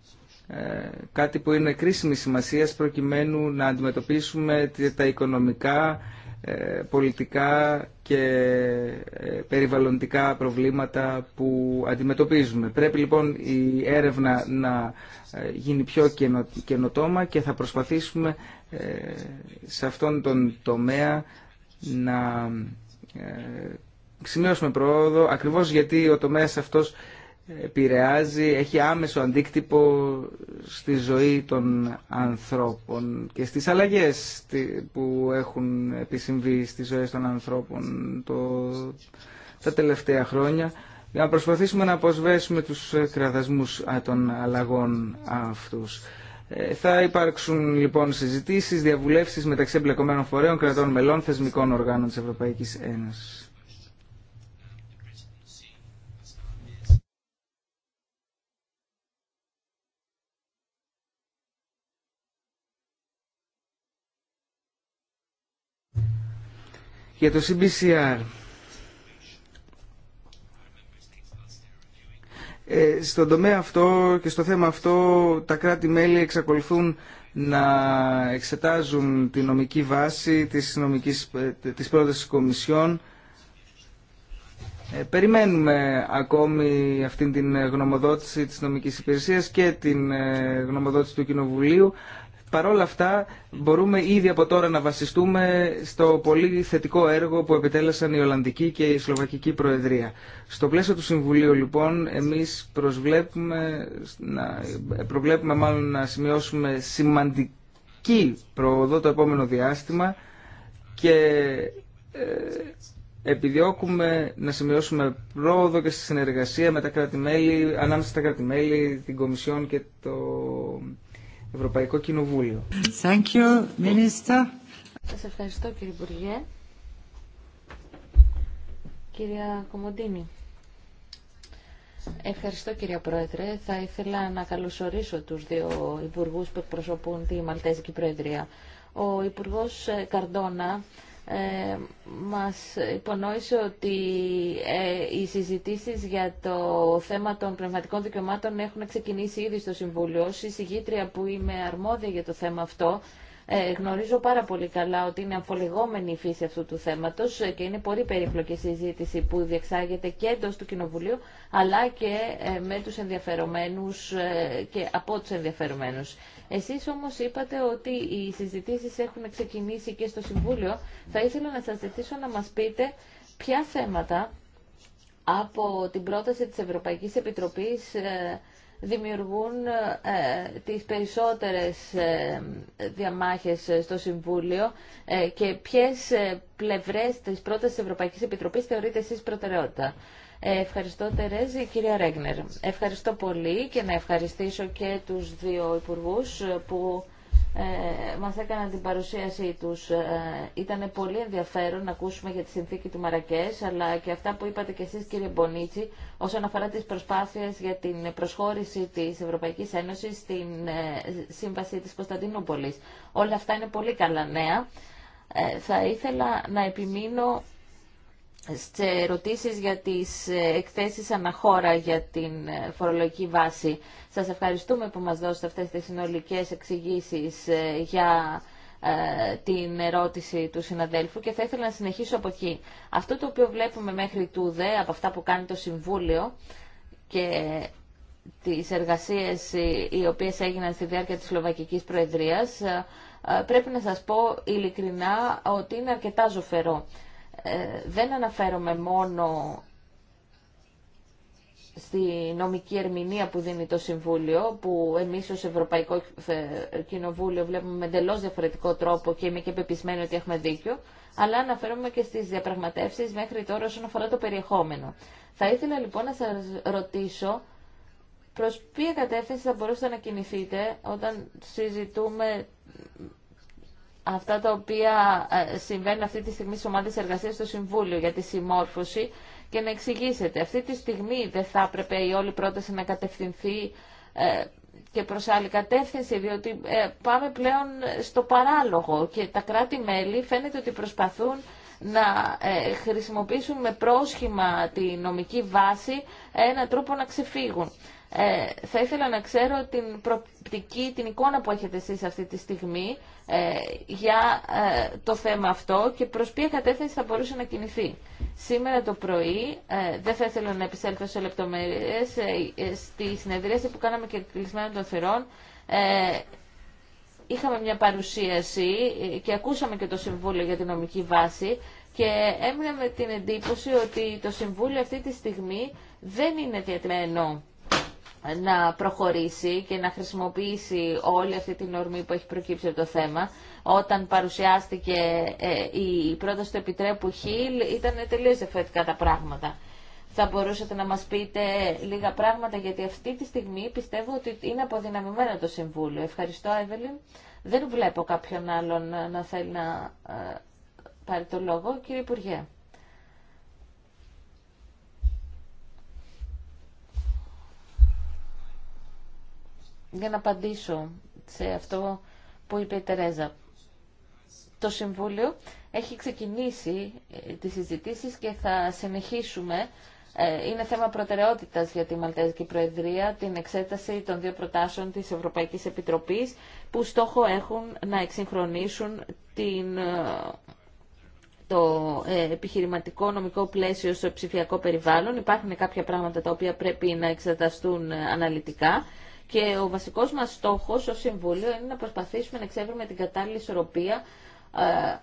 Speaker 3: ε, κάτι που είναι κρίσιμη σημασίας προκειμένου να αντιμετωπίσουμε τα οικονομικά, ε, πολιτικά και ε, περιβαλλοντικά προβλήματα που αντιμετωπίζουμε. Πρέπει λοιπόν η έρευνα να γίνει πιο καινοτόμα και θα προσπαθήσουμε σε αυτόν τον τομέα να σημειώσουμε πρόοδο ακριβώς γιατί ο τομέας αυτός επηρεάζει, έχει άμεσο αντίκτυπο στη ζωή των ανθρώπων και στις αλλαγές που έχουν επισυμβεί στις ζωές των ανθρώπων το, τα τελευταία χρόνια για να προσπαθήσουμε να αποσβέσουμε τους κραδασμούς των αλλαγών αυτούς. Ε, θα υπάρξουν λοιπόν συζητήσεις, διαβουλεύσεις μεταξύ εμπλεκομένων φορέων, κρατών μελών, θεσμικών οργάνων της Ευρωπαϊκής Ένωσης. Για το CBCR. Ε, στον τομέα αυτό και στο θέμα αυτό τα κράτη-μέλη εξακολουθούν να εξετάζουν τη νομική βάση της, νομικής, ε, της πρότασης κομισιών. Ε, περιμένουμε ακόμη αυτήν την γνωμοδότηση της νομικής υπηρεσίας και την ε, γνωμοδότηση του Κοινοβουλίου Παρ' όλα αυτά μπορούμε ήδη από τώρα να βασιστούμε στο πολύ θετικό έργο που επιτέλεσαν η Ολλανδική και η Σλοβακική Προεδρία. Στο πλαίσιο του Συμβουλίου λοιπόν εμείς προσβλέπουμε, να, προβλέπουμε μάλλον να σημειώσουμε σημαντική προοδό το επόμενο διάστημα και ε, επιδιώκουμε να σημειώσουμε πρόοδο και στη συνεργασία με τα κράτη-μέλη, ανάμεσα στα κράτη-μέλη, την Κομισιόν και το Ευρωπαϊκό Κοινοβούλιο.
Speaker 1: Thank you, Minister.
Speaker 2: ευχαριστώ κύριε Υπουργέ. Κυρία Κομοντίνη. Ευχαριστώ κυρία Πρόεδρε. Θα ήθελα να καλωσορίσω τους δύο υπουργούς που εκπροσωπούν τη Μαλτέζικη Προεδρία. Ο Υπουργός ε, Καρδόνα ε, μας υπονόησε ότι ε, οι συζητήσεις για το θέμα των πνευματικών δικαιωμάτων έχουν ξεκινήσει ήδη στο Συμβούλιο. Ως που είμαι αρμόδια για το θέμα αυτό, ε, γνωρίζω πάρα πολύ καλά ότι είναι αμφολεγόμενη η φύση αυτού του θέματος ε, και είναι πολύ περίπλοκη συζήτηση που διεξάγεται και εντό του Κοινοβουλίου αλλά και με τους ενδιαφερομένους και από τους ενδιαφερομένους. Εσείς όμως είπατε ότι οι συζητήσεις έχουν ξεκινήσει και στο Συμβούλιο. Θα ήθελα να σας ζητήσω να μας πείτε ποια θέματα από την πρόταση της Ευρωπαϊκής Επιτροπής ε, δημιουργούν ε, τις περισσότερες ε, διαμάχες ε, στο Συμβούλιο και ποιες πλευρές της Πρώτης της Ευρωπαϊκής Επιτροπής θεωρείτε εσείς προτεραιότητα. Ευχαριστώ Τερέζη, κυρία Ρέγνερ. Ευχαριστώ πολύ και να ευχαριστήσω και τους δύο υπουργούς που ε, μας έκαναν την παρουσίασή τους. Ε, ήταν πολύ ενδιαφέρον να ακούσουμε για τη συνθήκη του Μαρακές, αλλά και αυτά που είπατε και εσείς κύριε Μπονίτσι, όσον αφορά τις προσπάθειες για την προσχώρηση της Ευρωπαϊκής Ένωσης στην ε, Σύμβαση της Κωνσταντινούπολης. Όλα αυτά είναι πολύ καλά νέα. Ε, θα ήθελα να επιμείνω σε ερωτήσεις για τις ε, εκθέσεις αναχώρα για την ε, φορολογική βάση. Σας ευχαριστούμε που μας δώσετε αυτές τις συνολικές εξηγήσεις ε, για την ερώτηση του συναδέλφου και θα ήθελα να συνεχίσω από εκεί. Αυτό το οποίο βλέπουμε μέχρι τούδε από αυτά που κάνει το Συμβούλιο και τις εργασίες οι οποίες έγιναν στη διάρκεια της Σλοβακικής Προεδρίας πρέπει να σας πω ειλικρινά ότι είναι αρκετά ζωφερό. Ε, δεν αναφέρομαι μόνο στη νομική ερμηνεία που δίνει το Συμβούλιο, που εμείς ως Ευρωπαϊκό Κοινοβούλιο βλέπουμε με εντελώ διαφορετικό τρόπο και είμαι και πεπισμένη ότι έχουμε δίκιο, αλλά αναφέρομαι και στις διαπραγματεύσεις μέχρι τώρα όσον αφορά το περιεχόμενο. Θα ήθελα λοιπόν να σας ρωτήσω προς ποια κατεύθυνση θα μπορούσατε να κινηθείτε όταν συζητούμε αυτά τα οποία ε, συμβαίνουν αυτή τη στιγμή στις ομάδες εργασίας στο Συμβούλιο για τη συμμόρφωση και να εξηγήσετε. Αυτή τη στιγμή δεν θα έπρεπε η όλη πρόταση να κατευθυνθεί ε, και προς άλλη κατεύθυνση, διότι ε, πάμε πλέον στο παράλογο και τα κράτη-μέλη φαίνεται ότι προσπαθούν να χρησιμοποιήσουν με πρόσχημα τη νομική βάση έναν τρόπο να ξεφύγουν. Ε, θα ήθελα να ξέρω την προπτική, την εικόνα που έχετε εσείς αυτή τη στιγμή ε, για ε, το θέμα αυτό και προς ποια κατεύθυνση θα μπορούσε να κινηθεί. Σήμερα το πρωί, ε, δεν θα ήθελα να επισέλθω σε λεπτομέρειες, στη που κάναμε και κλεισμένο των ε, είχαμε μια παρουσίαση και ακούσαμε και το Συμβούλιο για την νομική βάση και έμεινα με την εντύπωση ότι το Συμβούλιο αυτή τη στιγμή δεν είναι διατημένο να προχωρήσει και να χρησιμοποιήσει όλη αυτή την ορμή που έχει προκύψει από το θέμα. Όταν παρουσιάστηκε ε, η πρόταση του Επιτρέπου Χιλ ήταν τελείως διαφορετικά τα πράγματα. Θα μπορούσατε να μας πείτε λίγα πράγματα γιατί αυτή τη στιγμή πιστεύω ότι είναι αποδυναμημένο το Συμβούλιο. Ευχαριστώ, Εύελιν. Δεν βλέπω κάποιον άλλον να θέλει να ε, πάρει το λόγο. Κύριε Υπουργέ. για να απαντήσω σε αυτό που είπε η Τερέζα. Το Συμβούλιο έχει ξεκινήσει ε, τις συζητήσεις και θα συνεχίσουμε. Ε, είναι θέμα προτεραιότητας για τη Μαλτέζικη Προεδρία την εξέταση των δύο προτάσεων της Ευρωπαϊκής Επιτροπής που στόχο έχουν να εξυγχρονίσουν την, ε, το επιχειρηματικό νομικό πλαίσιο στο ψηφιακό περιβάλλον. Υπάρχουν κάποια πράγματα τα οποία πρέπει να εξεταστούν αναλυτικά και ο βασικός μας στόχος ω Συμβούλιο είναι να προσπαθήσουμε να εξεύρουμε την κατάλληλη ισορροπία ε,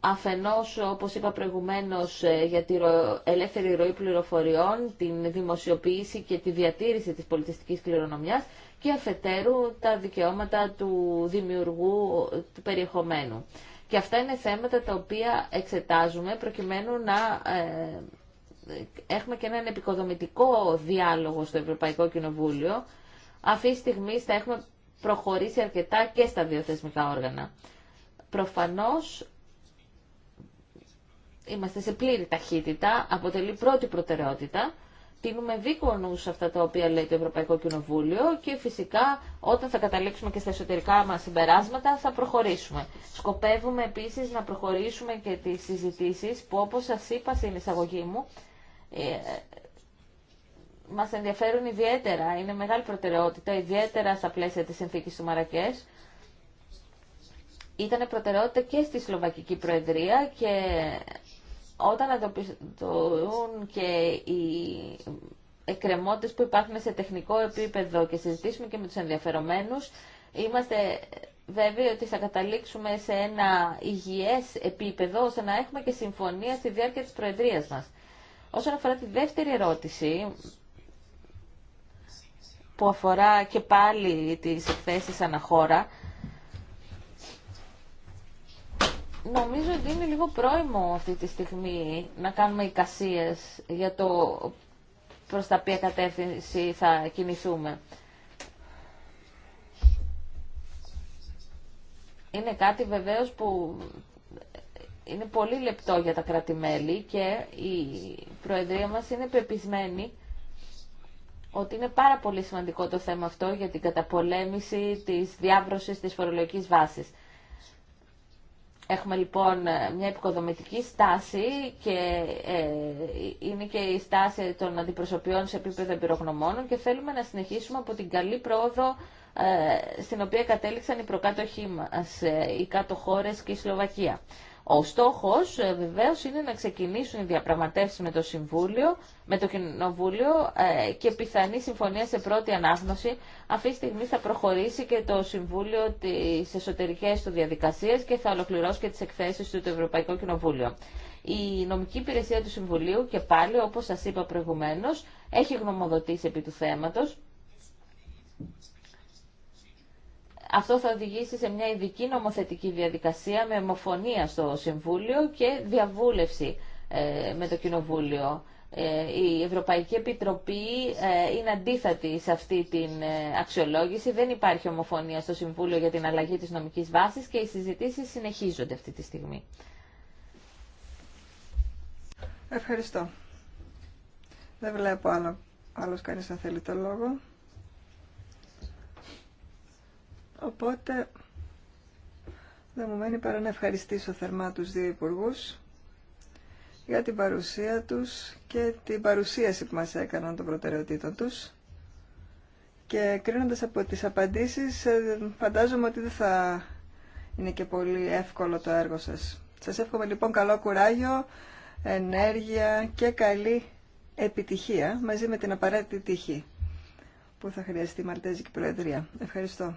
Speaker 2: αφενός, όπως είπα προηγουμένως, ε, για την ελεύθερη ροή πληροφοριών, την δημοσιοποίηση και τη διατήρηση της πολιτιστικής κληρονομιάς και αφετέρου τα δικαιώματα του δημιουργού του περιεχομένου. Και αυτά είναι θέματα τα οποία εξετάζουμε προκειμένου να ε, έχουμε και έναν επικοδομητικό διάλογο στο Ευρωπαϊκό Κοινοβούλιο αυτή τη στιγμή θα έχουμε προχωρήσει αρκετά και στα δύο όργανα. Προφανώς είμαστε σε πλήρη ταχύτητα, αποτελεί πρώτη προτεραιότητα. Τίνουμε δίκονου σε αυτά τα οποία λέει το Ευρωπαϊκό Κοινοβούλιο και φυσικά όταν θα καταλήξουμε και στα εσωτερικά μας συμπεράσματα θα προχωρήσουμε. Σκοπεύουμε επίσης να προχωρήσουμε και τις συζητήσεις που όπως σας είπα στην εισαγωγή μου ε, Μα ενδιαφέρουν ιδιαίτερα, είναι μεγάλη προτεραιότητα, ιδιαίτερα στα πλαίσια τη συνθήκη του Μαρακέ. Ήταν προτεραιότητα και στη Σλοβακική Προεδρία και όταν αντιμετωπιστούν και οι εκκρεμότητες που υπάρχουν σε τεχνικό επίπεδο και συζητήσουμε και με τους ενδιαφερομένους, είμαστε βέβαιοι ότι θα καταλήξουμε σε ένα υγιές επίπεδο ώστε να έχουμε και συμφωνία στη διάρκεια της Προεδρίας μας. Όσον αφορά τη δεύτερη ερώτηση, που αφορά και πάλι τις εκθέσεις αναχώρα. Νομίζω ότι είναι λίγο πρόημο αυτή τη στιγμή να κάνουμε εικασίες για το προς τα ποια κατεύθυνση θα κινηθούμε. Είναι κάτι βεβαίως που είναι πολύ λεπτό για τα κρατη και η Προεδρία μας είναι πεπισμένη ότι είναι πάρα πολύ σημαντικό το θέμα αυτό για την καταπολέμηση της διάβρωσης της φορολογικής βάσης. Έχουμε λοιπόν μια επικοδομητική στάση και ε, είναι και η στάση των αντιπροσωπιών σε επίπεδο εμπειρογνωμόνων και θέλουμε να συνεχίσουμε από την καλή πρόοδο ε, στην οποία κατέληξαν οι προκάτοχοί μας, ε, οι κάτω χώρες και η Σλοβακία. Ο στόχος ε, βεβαίως είναι να ξεκινήσουν οι διαπραγματεύσεις με το, Συμβούλιο, με το Κοινοβούλιο ε, και πιθανή συμφωνία σε πρώτη ανάγνωση. Αυτή τη στιγμή θα προχωρήσει και το Συμβούλιο τις εσωτερικές του διαδικασίες και θα ολοκληρώσει και τις εκθέσεις του το Ευρωπαϊκό Κοινοβούλιο. Η νομική υπηρεσία του Συμβουλίου και πάλι, όπως σας είπα προηγουμένως, έχει γνωμοδοτήσει επί του θέματος. Αυτό θα οδηγήσει σε μια ειδική νομοθετική διαδικασία με ομοφωνία στο Συμβούλιο και διαβούλευση ε, με το Κοινοβούλιο. Ε, η Ευρωπαϊκή Επιτροπή ε, είναι αντίθετη σε αυτή την αξιολόγηση. Δεν υπάρχει ομοφωνία στο Συμβούλιο για την αλλαγή της νομικής βάσης και οι συζητήσεις συνεχίζονται αυτή τη στιγμή.
Speaker 1: Ευχαριστώ. Δεν βλέπω άλλο, άλλος κανείς να θέλει το λόγο. Οπότε δεν μου μένει παρά να ευχαριστήσω θερμά τους δύο υπουργού για την παρουσία τους και την παρουσίαση που μας έκαναν των προτεραιοτήτων τους. Και κρίνοντας από τις απαντήσεις, ε, φαντάζομαι ότι δεν θα είναι και πολύ εύκολο το έργο σας. Σας εύχομαι λοιπόν καλό κουράγιο, ενέργεια και καλή επιτυχία μαζί με την απαραίτητη τύχη που θα χρειαστεί η Μαλτέζικη Προεδρία. Ευχαριστώ.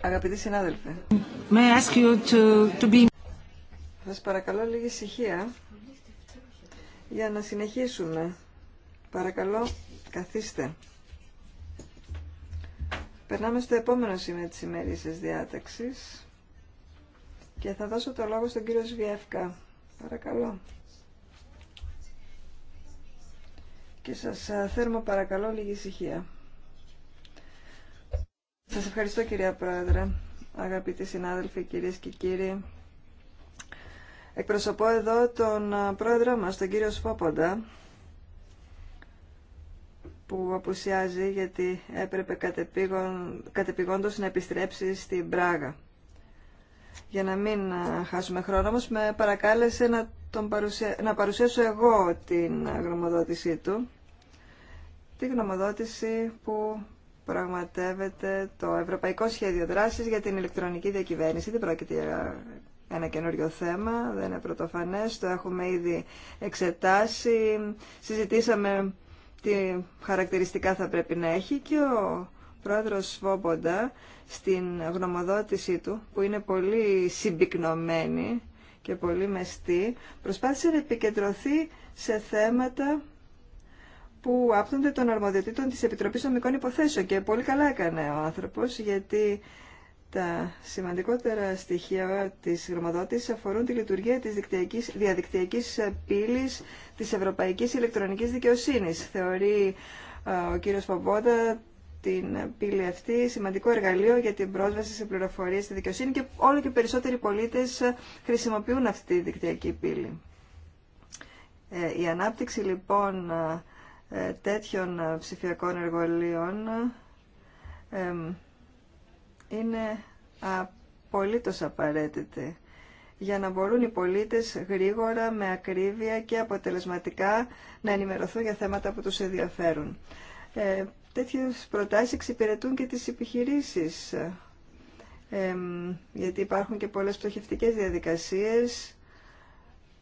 Speaker 1: Αγαπητοί συνάδελφοι, may I ask to, σας παρακαλώ λίγη ησυχία για να συνεχίσουμε. Παρακαλώ, καθίστε. Περνάμε στο επόμενο σημείο της της διάταξης και θα δώσω το λόγο στον κύριο Σβιεύκα. Παρακαλώ. Και σας ε, θέρμα παρακαλώ λίγη ησυχία. Σας ευχαριστώ κυρία Πρόεδρε, αγαπητοί συνάδελφοι, κυρίες και κύριοι. Εκπροσωπώ εδώ τον ε, πρόεδρό μας, τον κύριο Σφόποντα, που απουσιάζει γιατί έπρεπε κατεπηγόντως να επιστρέψει στην Πράγα. Για να μην ε, χάσουμε χρόνο όμως, με παρακάλεσε να, τον παρουσια... να παρουσιάσω εγώ την ε, γνωμοδότησή του. Τη γνωμοδότηση που πραγματεύεται το Ευρωπαϊκό Σχέδιο Δράσης για την ηλεκτρονική διακυβέρνηση. Δεν πρόκειται για ένα καινούριο θέμα, δεν είναι πρωτοφανές, το έχουμε ήδη εξετάσει. Συζητήσαμε τι χαρακτηριστικά θα πρέπει να έχει και ο πρόεδρος Σβόμποντα στην γνωμοδότησή του, που είναι πολύ συμπυκνωμένη και πολύ μεστή, προσπάθησε να επικεντρωθεί σε θέματα που άπτονται των αρμοδιοτήτων της Επιτροπής Νομικών Υποθέσεων και πολύ καλά έκανε ο άνθρωπος γιατί τα σημαντικότερα στοιχεία της γνωμοδότησης αφορούν τη λειτουργία της δικτυακής, διαδικτυακής πύλης της Ευρωπαϊκής Ηλεκτρονικής Δικαιοσύνης. Θεωρεί ο κύριος Παμπότα την πύλη αυτή σημαντικό εργαλείο για την πρόσβαση σε πληροφορίες στη δικαιοσύνη και όλο και περισσότεροι πολίτες χρησιμοποιούν αυτή τη δικτυακή πύλη. Ε, η ανάπτυξη λοιπόν ε, τέτοιων ε, ψηφιακών εργολείων είναι απολύτως απαραίτητη για να μπορούν οι πολίτες γρήγορα, με ακρίβεια και αποτελεσματικά να ενημερωθούν για θέματα που τους ενδιαφέρουν. Ε, τέτοιες προτάσεις εξυπηρετούν και τις επιχειρήσεις, γιατί υπάρχουν και πολλές πτωχευτικές διαδικασίες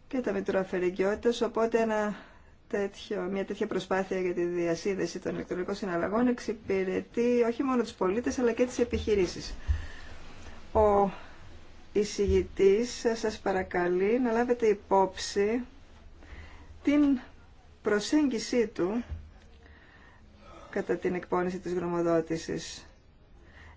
Speaker 1: και τα μητρώα οπότε ένα τέτοιο, μια τέτοια προσπάθεια για τη διασύνδεση των ηλεκτρονικών συναλλαγών εξυπηρετεί όχι μόνο τους πολίτες αλλά και τις επιχειρήσεις. Ο εισηγητής σας παρακαλεί να λάβετε υπόψη την προσέγγιση του κατά την εκπόνηση της γνωμοδότησης.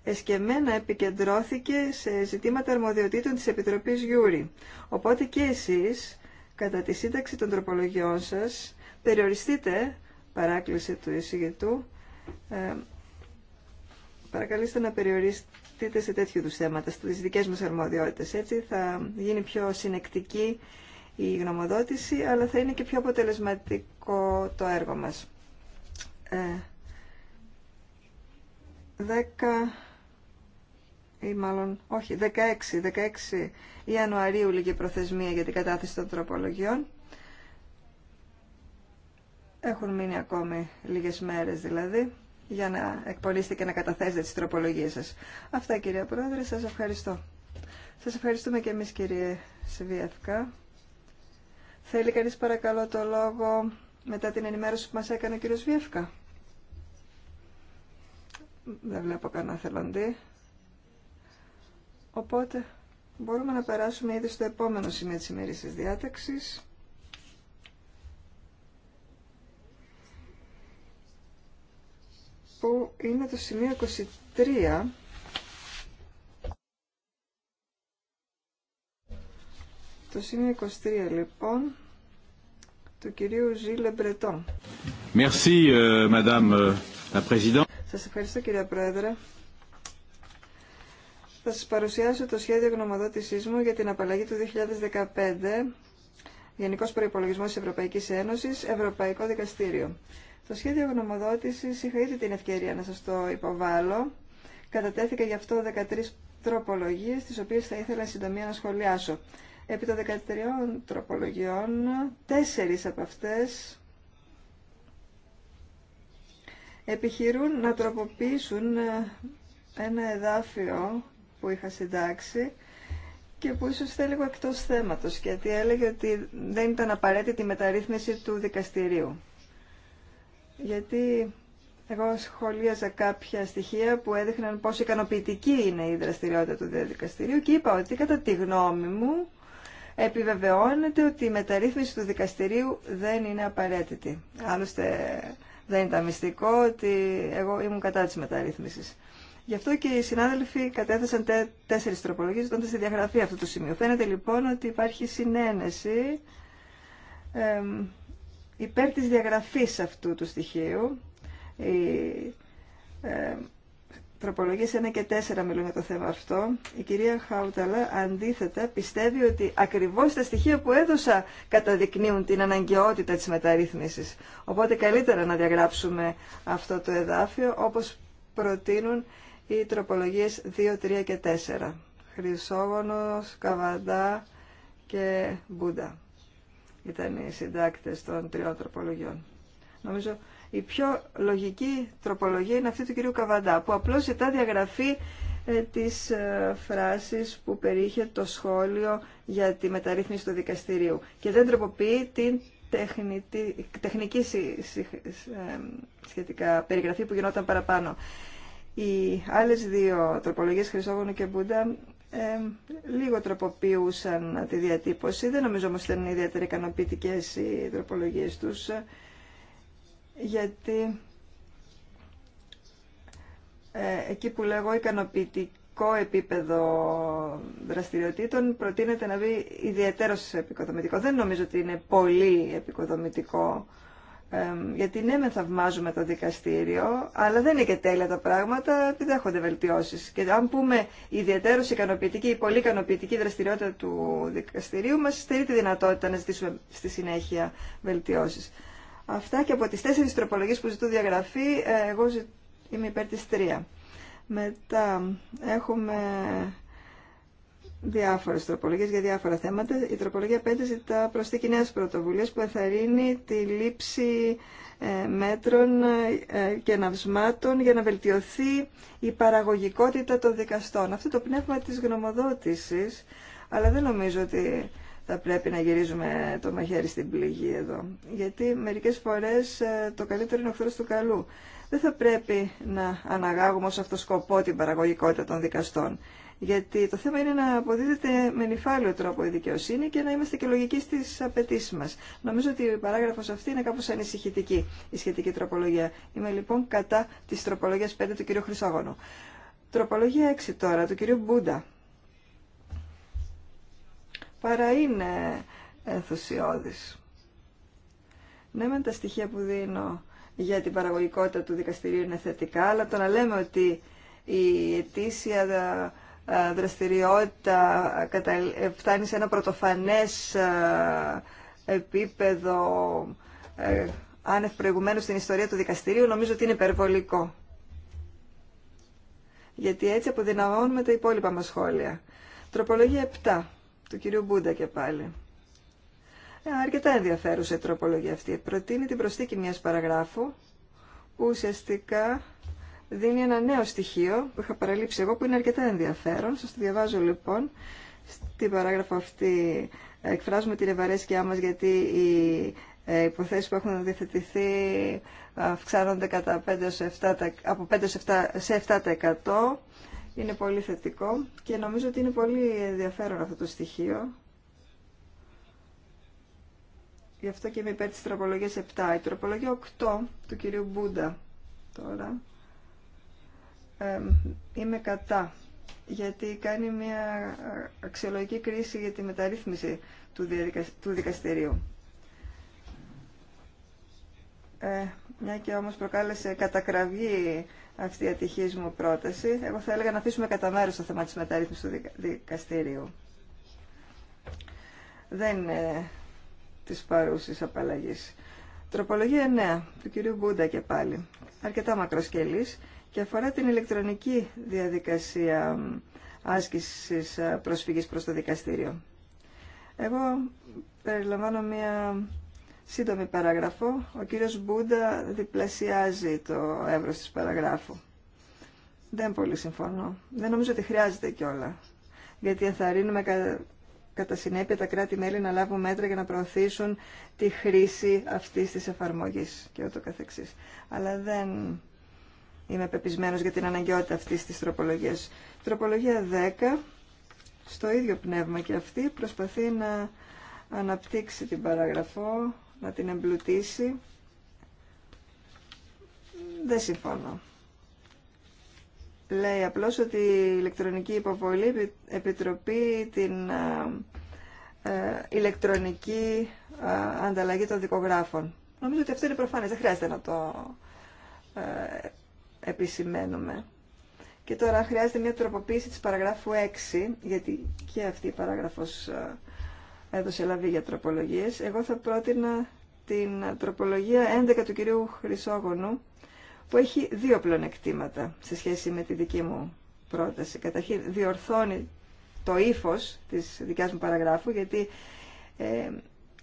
Speaker 1: Εσκεμένα επικεντρώθηκε σε ζητήματα αρμοδιοτήτων της Επιτροπής Γιούρη. Οπότε και εσείς, κατά τη σύνταξη των τροπολογιών σας, περιοριστείτε, παράκληση του εισηγητού, ε, παρακαλείστε να περιοριστείτε σε τέτοιου είδου θέματα, στι δικέ μας αρμοδιότητες. Έτσι θα γίνει πιο συνεκτική η γνωμοδότηση, αλλά θα είναι και πιο αποτελεσματικό το έργο μας. Ε, 10 ή μάλλον όχι, 16, 16 Ιανουαρίου λίγη προθεσμία για την κατάθεση των τροπολογιών έχουν μείνει ακόμη λίγες μέρες δηλαδή για να εκπονήσετε και να καταθέσετε τις τροπολογίες σας. Αυτά κυρία Πρόεδρε, σας ευχαριστώ. Σας ευχαριστούμε και εμείς κύριε Σεβιεύκα. Θέλει κανείς παρακαλώ το λόγο μετά την ενημέρωση που μας έκανε ο κύριος Βιεύκα. Δεν βλέπω κανένα θελοντή. Οπότε μπορούμε να περάσουμε ήδη στο επόμενο σημείο της ημερήσης διάταξης. που είναι το σημείο 23 Το σημείο 23 λοιπόν του κυρίου Ζήλε Μπρετών.
Speaker 4: Merci, euh, euh,
Speaker 1: Σας ευχαριστώ κυρία Πρόεδρε. Θα σας παρουσιάσω το σχέδιο γνωμοδότησής μου για την απαλλαγή του 2015 Γενικός Προϋπολογισμός της Ευρωπαϊκής Ένωσης, Ευρωπαϊκό Δικαστήριο. Το σχέδιο γνωμοδότησης είχα ήδη την ευκαιρία να σας το υποβάλω. Κατατέθηκα γι' αυτό 13 τροπολογίες, τις οποίες θα ήθελα συντομία να σχολιάσω. Επί των 13 τροπολογιών, τέσσερις από αυτές επιχειρούν να τροποποιήσουν ε, ένα εδάφιο που είχα συντάξει και που ίσως θέλει λίγο εκτός θέματος γιατί έλεγε ότι δεν ήταν απαραίτητη η μεταρρύθμιση του δικαστηρίου γιατί εγώ σχολίαζα κάποια στοιχεία που έδειχναν πόσο ικανοποιητική είναι η δραστηριότητα του δικαστηρίου και είπα ότι κατά τη γνώμη μου επιβεβαιώνεται ότι η μεταρρύθμιση του δικαστηρίου δεν είναι απαραίτητη. Άλλωστε δεν ήταν μυστικό ότι εγώ ήμουν κατά της μεταρρύθμισης. Γι' αυτό και οι συνάδελφοι κατέθεσαν τέσσερις τροπολογίες οταν τη διαγραφή αυτού του σημείου. Φαίνεται λοιπόν ότι υπάρχει συνένεση υπέρ της διαγραφής αυτού του στοιχείου. Οι ε, τροπολογίες 1 και 4 μιλούν για το θέμα αυτό. Η κυρία Χάουταλα αντίθετα πιστεύει ότι ακριβώς τα στοιχεία που έδωσα καταδεικνύουν την αναγκαιότητα της μεταρρύθμισης. Οπότε καλύτερα να διαγράψουμε αυτό το εδάφιο όπως προτείνουν οι τροπολογίες 2, 3 και 4. Χρυσόγονος, Καβαντά και Μπούντα ήταν οι συντάκτες των τριών τροπολογιών. Νομίζω η πιο λογική τροπολογία είναι αυτή του κυρίου Καβαντά, που απλώς ζητά διαγραφή ε, της ε, φράσης που περιείχε το σχόλιο για τη μεταρρύθμιση του δικαστηρίου και δεν τροποποιεί την τεχνική ε, σχετικά περιγραφή που γινόταν παραπάνω. Οι άλλες δύο τροπολογίες Χρυσόγονο και Μπούντα λίγο τροποποιούσαν τη διατύπωση. Δεν νομίζω όμως ότι ήταν ιδιαίτερα ικανοποιητικέ οι τροπολογίες τους, γιατί ε, εκεί που λέγω ικανοποιητικό επίπεδο δραστηριοτήτων προτείνεται να βγει ιδιαίτερο επικοδομητικό. Δεν νομίζω ότι είναι πολύ επικοδομητικό γιατί ναι, με θαυμάζουμε το δικαστήριο, αλλά δεν είναι και τέλεια τα πράγματα, έχονται βελτιώσει. Και αν πούμε ιδιαίτερω ικανοποιητική ή πολύ ικανοποιητική δραστηριότητα του δικαστηρίου, μα στερεί τη δυνατότητα να ζητήσουμε στη συνέχεια βελτιώσει. Αυτά και από τι τέσσερι τροπολογίε που ζητούν διαγραφή, ε, εγώ είμαι υπέρ τη τρία. Μετά έχουμε διάφορες τροπολογίες για διάφορα θέματα. Η τροπολογία 5 ζητά προσθήκη νέας πρωτοβουλίας που εθαρρύνει τη λήψη ε, μέτρων ε, και ναυσμάτων για να βελτιωθεί η παραγωγικότητα των δικαστών. Αυτό το πνεύμα της γνωμοδότησης, αλλά δεν νομίζω ότι θα πρέπει να γυρίζουμε το μαχαίρι στην πληγή εδώ. Γιατί μερικές φορές ε, το καλύτερο είναι ο του καλού. Δεν θα πρέπει να αναγάγουμε ως αυτό σκοπό την παραγωγικότητα των δικαστών. Γιατί το θέμα είναι να αποδίδεται με νυφάλιο τρόπο η δικαιοσύνη και να είμαστε και λογικοί στι απαιτήσει μα. Νομίζω ότι η παράγραφο αυτή είναι κάπω ανησυχητική η σχετική τροπολογία. Είμαι λοιπόν κατά τη τροπολογία 5 του κ. Χρυσόγωνου. Τροπολογία 6 τώρα του κ. Μπούντα. Παρά είναι ενθουσιώδη. Ναι, με τα στοιχεία που δίνω για την παραγωγικότητα του δικαστηρίου είναι θετικά, αλλά το να λέμε ότι η αιτήσια ε, δραστηριότητα ε, φτάνει σε ένα πρωτοφανές ε, επίπεδο άνευ προηγουμένου στην ιστορία του δικαστηρίου, νομίζω ότι είναι υπερβολικό. Γιατί έτσι αποδυναμώνουμε τα υπόλοιπα μας σχόλια. Τροπολογία 7 του κυρίου Μπούντα και πάλι. Ε, αρκετά ενδιαφέρουσα η τροπολογία αυτή. Προτείνει την προσθήκη μιας παραγράφου που ουσιαστικά δίνει ένα νέο στοιχείο που είχα παραλείψει εγώ που είναι αρκετά ενδιαφέρον. Σας το διαβάζω λοιπόν. Στην παράγραφο αυτή ε, εκφράζουμε την ευαρέσκειά μας γιατί οι ε, υποθέσεις που έχουν διαθετηθεί ε, αυξάνονται κατά 5 7, από 5 σε 7%. Είναι πολύ θετικό και νομίζω ότι είναι πολύ ενδιαφέρον αυτό το στοιχείο. Γι' αυτό και με υπέρ της τροπολογίας 7. Η τροπολογία 8 του κυρίου Μπούντα τώρα είμαι κατά, γιατί κάνει μια αξιολογική κρίση για τη μεταρρύθμιση του, δικαστηρίου. Ε, μια και όμως προκάλεσε κατακραυγή αυτή η ατυχής μου πρόταση, εγώ θα έλεγα να αφήσουμε κατά μέρος το θέμα της μεταρρύθμισης του δικαστηρίου. Δεν είναι της παρούσης απαλλαγής. Τροπολογία 9, του κυρίου Μπούντα και πάλι. Αρκετά μακροσκελής και αφορά την ηλεκτρονική διαδικασία άσκησης ε, προσφυγής προς το δικαστήριο. Εγώ περιλαμβάνω μία σύντομη παραγραφό. Ο κύριος Μπούντα διπλασιάζει το εύρος της παραγράφου. Δεν πολύ συμφωνώ. Δεν νομίζω ότι χρειάζεται κιόλα. Γιατί ενθαρρύνουμε κα... κατά συνέπεια τα κράτη-μέλη να λάβουν μέτρα για να προωθήσουν τη χρήση αυτής της εφαρμογής και ούτω καθεξής. Αλλά δεν είμαι πεπισμένο για την αναγκαιότητα αυτή τη τροπολογία. Τροπολογία 10, στο ίδιο πνεύμα και αυτή, προσπαθεί να αναπτύξει την παραγραφό, να την εμπλουτίσει. Δεν συμφωνώ. Λέει απλώς ότι η ηλεκτρονική υποβολή επιτροπεί την ε, ηλεκτρονική ανταλλαγή των δικογράφων. Νομίζω ότι αυτό είναι προφανές, δεν χρειάζεται να το ε, επισημαίνουμε. Και τώρα χρειάζεται μια τροποποίηση της παραγράφου 6, γιατί και αυτή η παράγραφος ε, έδωσε λαβή για τροπολογίες. Εγώ θα πρότεινα την τροπολογία 11 του κυρίου Χρυσόγονου, που έχει δύο πλονεκτήματα σε σχέση με τη δική μου πρόταση. Καταρχήν διορθώνει το ύφο της δικιάς μου παραγράφου, γιατί ε,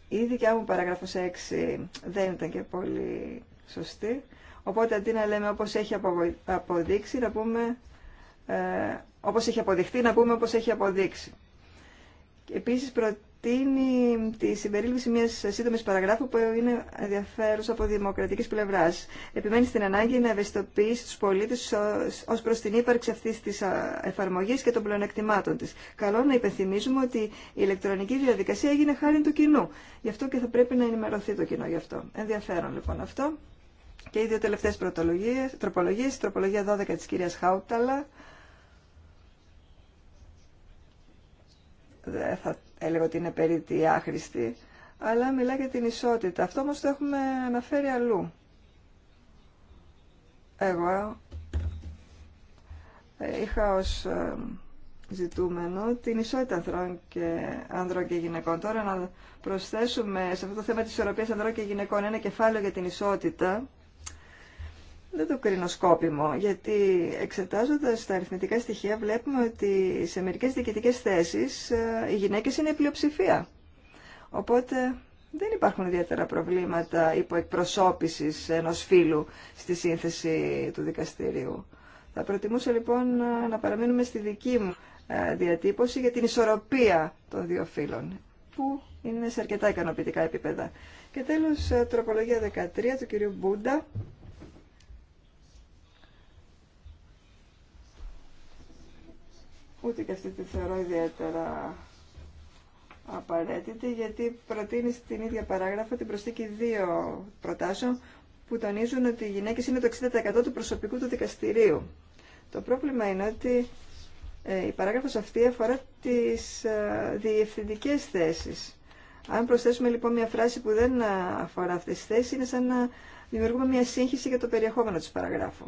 Speaker 1: η δικιά μου παράγραφος 6 δεν ήταν και πολύ σωστή. Οπότε αντί να λέμε όπως έχει αποδείξει, να πούμε ε, όπως έχει αποδειχθεί, να πούμε όπως έχει αποδείξει. Επίσης προτείνει τη συμπερίληψη μιας σύντομης παραγράφου που είναι ενδιαφέρουσα από δημοκρατικής πλευράς. Επιμένει στην ανάγκη να ευαισθητοποιήσει τους πολίτες ως προς την ύπαρξη αυτής της εφαρμογής και των πλεονεκτημάτων της. Καλό να υπενθυμίζουμε ότι η ηλεκτρονική διαδικασία έγινε χάρη του κοινού. Γι' αυτό και θα πρέπει να ενημερωθεί το κοινό γι' αυτό. Ενδιαφέρον λοιπόν αυτό. Και οι δύο τελευταίες τροπολογίες, τροπολογία 12 τη κύρια Χάουταλα, δεν θα έλεγα ότι είναι περίτη άχρηστη, αλλά μιλά για την ισότητα. Αυτό όμω το έχουμε αναφέρει αλλού. Εγώ ε, είχα ω ε, ζητούμενο την ισότητα ανδρών και, και γυναικών. Τώρα να προσθέσουμε σε αυτό το θέμα της ισορροπίας ανδρών και γυναικών ένα κεφάλαιο για την ισότητα, δεν το κρίνω σκόπιμο, γιατί εξετάζοντας τα αριθμητικά στοιχεία βλέπουμε ότι σε μερικές διοικητικές θέσεις ε, οι γυναίκες είναι η πλειοψηφία. Οπότε δεν υπάρχουν ιδιαίτερα προβλήματα υποεκπροσώπησης ενός φίλου στη σύνθεση του δικαστηρίου. Θα προτιμούσα λοιπόν να παραμείνουμε στη δική μου ε, διατύπωση για την ισορροπία των δύο φίλων, που είναι σε αρκετά ικανοποιητικά επίπεδα. Και τέλος, ε, τροπολογία 13 του κυρίου Μπούντα, Ούτε και αυτή τη θεωρώ ιδιαίτερα απαραίτητη, γιατί προτείνει στην ίδια παράγραφο την προσθήκη δύο προτάσεων που τονίζουν ότι οι γυναίκε είναι το 60% του προσωπικού του δικαστηρίου. Το πρόβλημα είναι ότι ε, η παράγραφος αυτή αφορά τις ε, διευθυντικές θέσεις. Αν προσθέσουμε λοιπόν μια φράση που δεν αφορά αυτές τις θέσεις, είναι σαν να δημιουργούμε μια σύγχυση για το περιεχόμενο της παραγράφου.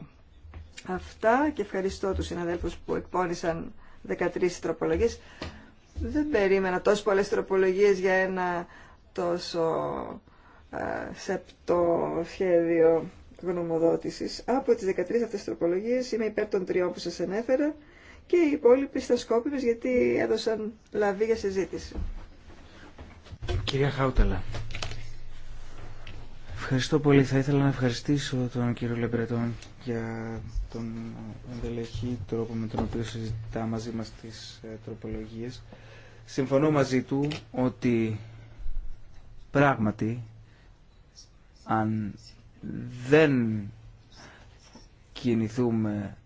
Speaker 1: Αυτά και ευχαριστώ τους συναδέλφους που εκπώνησαν 13 τροπολογίες. Δεν περίμενα τόσο πολλές τροπολογίες για ένα τόσο ε, σεπτό σχέδιο γνωμοδότησης. Από τις 13 αυτές τροπολογίες είμαι υπέρ των τριών που σας ενέφερα και οι υπόλοιποι στα σκόπιμες γιατί έδωσαν λαβή για συζήτηση.
Speaker 3: Κυρία Χάουταλα, Ευχαριστώ πολύ. Θα ήθελα να ευχαριστήσω τον κύριο Λεμπρετών για τον ενδελεχή τρόπο με τον οποίο συζητά μαζί μας τις ε, τροπολογίες. Συμφωνώ μαζί του ότι πράγματι αν δεν κινηθούμε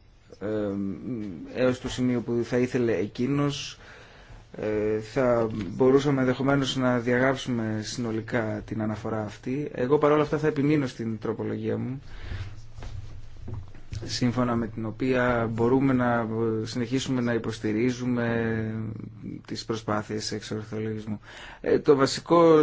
Speaker 3: ε, έως το σημείο που θα ήθελε εκείνος ε, θα μπορούσαμε ενδεχομένω να διαγράψουμε συνολικά την αναφορά αυτή. Εγώ παρόλα αυτά θα επιμείνω στην τροπολογία μου σύμφωνα με την οποία μπορούμε να συνεχίσουμε να υποστηρίζουμε τις προσπάθειες εξορθολογισμού. Ε, το βασικό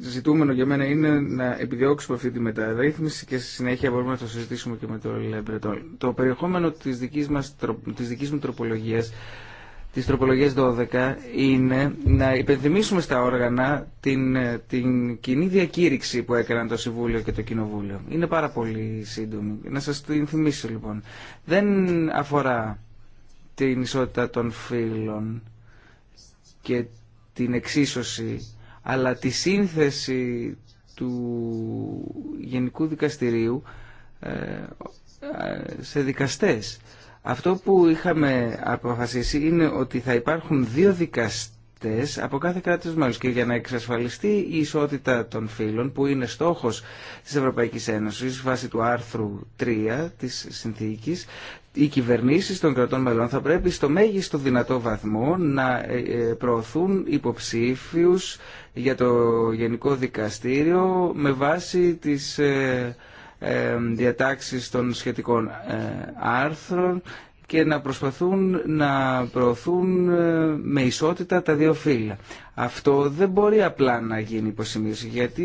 Speaker 3: ζητούμενο για μένα είναι να επιδιώξουμε αυτή τη μεταρρύθμιση και στη συνέχεια μπορούμε να το συζητήσουμε και με τον Λεμπρετόλ. Το περιεχόμενο της δικής, μας, της δικής μου τροπολογίας της τροπολογίας 12 είναι να υπενθυμίσουμε στα όργανα την, την κοινή διακήρυξη που έκαναν το Συμβούλιο και το Κοινοβούλιο. Είναι πάρα πολύ σύντομη. Να σας την θυμίσω λοιπόν. Δεν αφορά την ισότητα των φίλων και την εξίσωση, αλλά τη σύνθεση του Γενικού Δικαστηρίου ε, σε δικαστές. Αυτό που είχαμε αποφασίσει είναι ότι θα υπάρχουν δύο δικαστές από κάθε κράτος μέλος και για να εξασφαλιστεί η ισότητα των φύλων που είναι στόχος της Ευρωπαϊκής Ένωσης βάσει του άρθρου 3 της συνθήκης οι κυβερνήσεις των κρατών μελών θα πρέπει στο μέγιστο δυνατό βαθμό να ε, ε, προωθούν υποψήφιους για το Γενικό Δικαστήριο με βάση τις ε, διατάξεις των σχετικών ε, άρθρων και να προσπαθούν να προωθούν ε, με ισότητα τα δύο φύλλα. Αυτό δεν μπορεί απλά να γίνει υποσημείωση, γιατί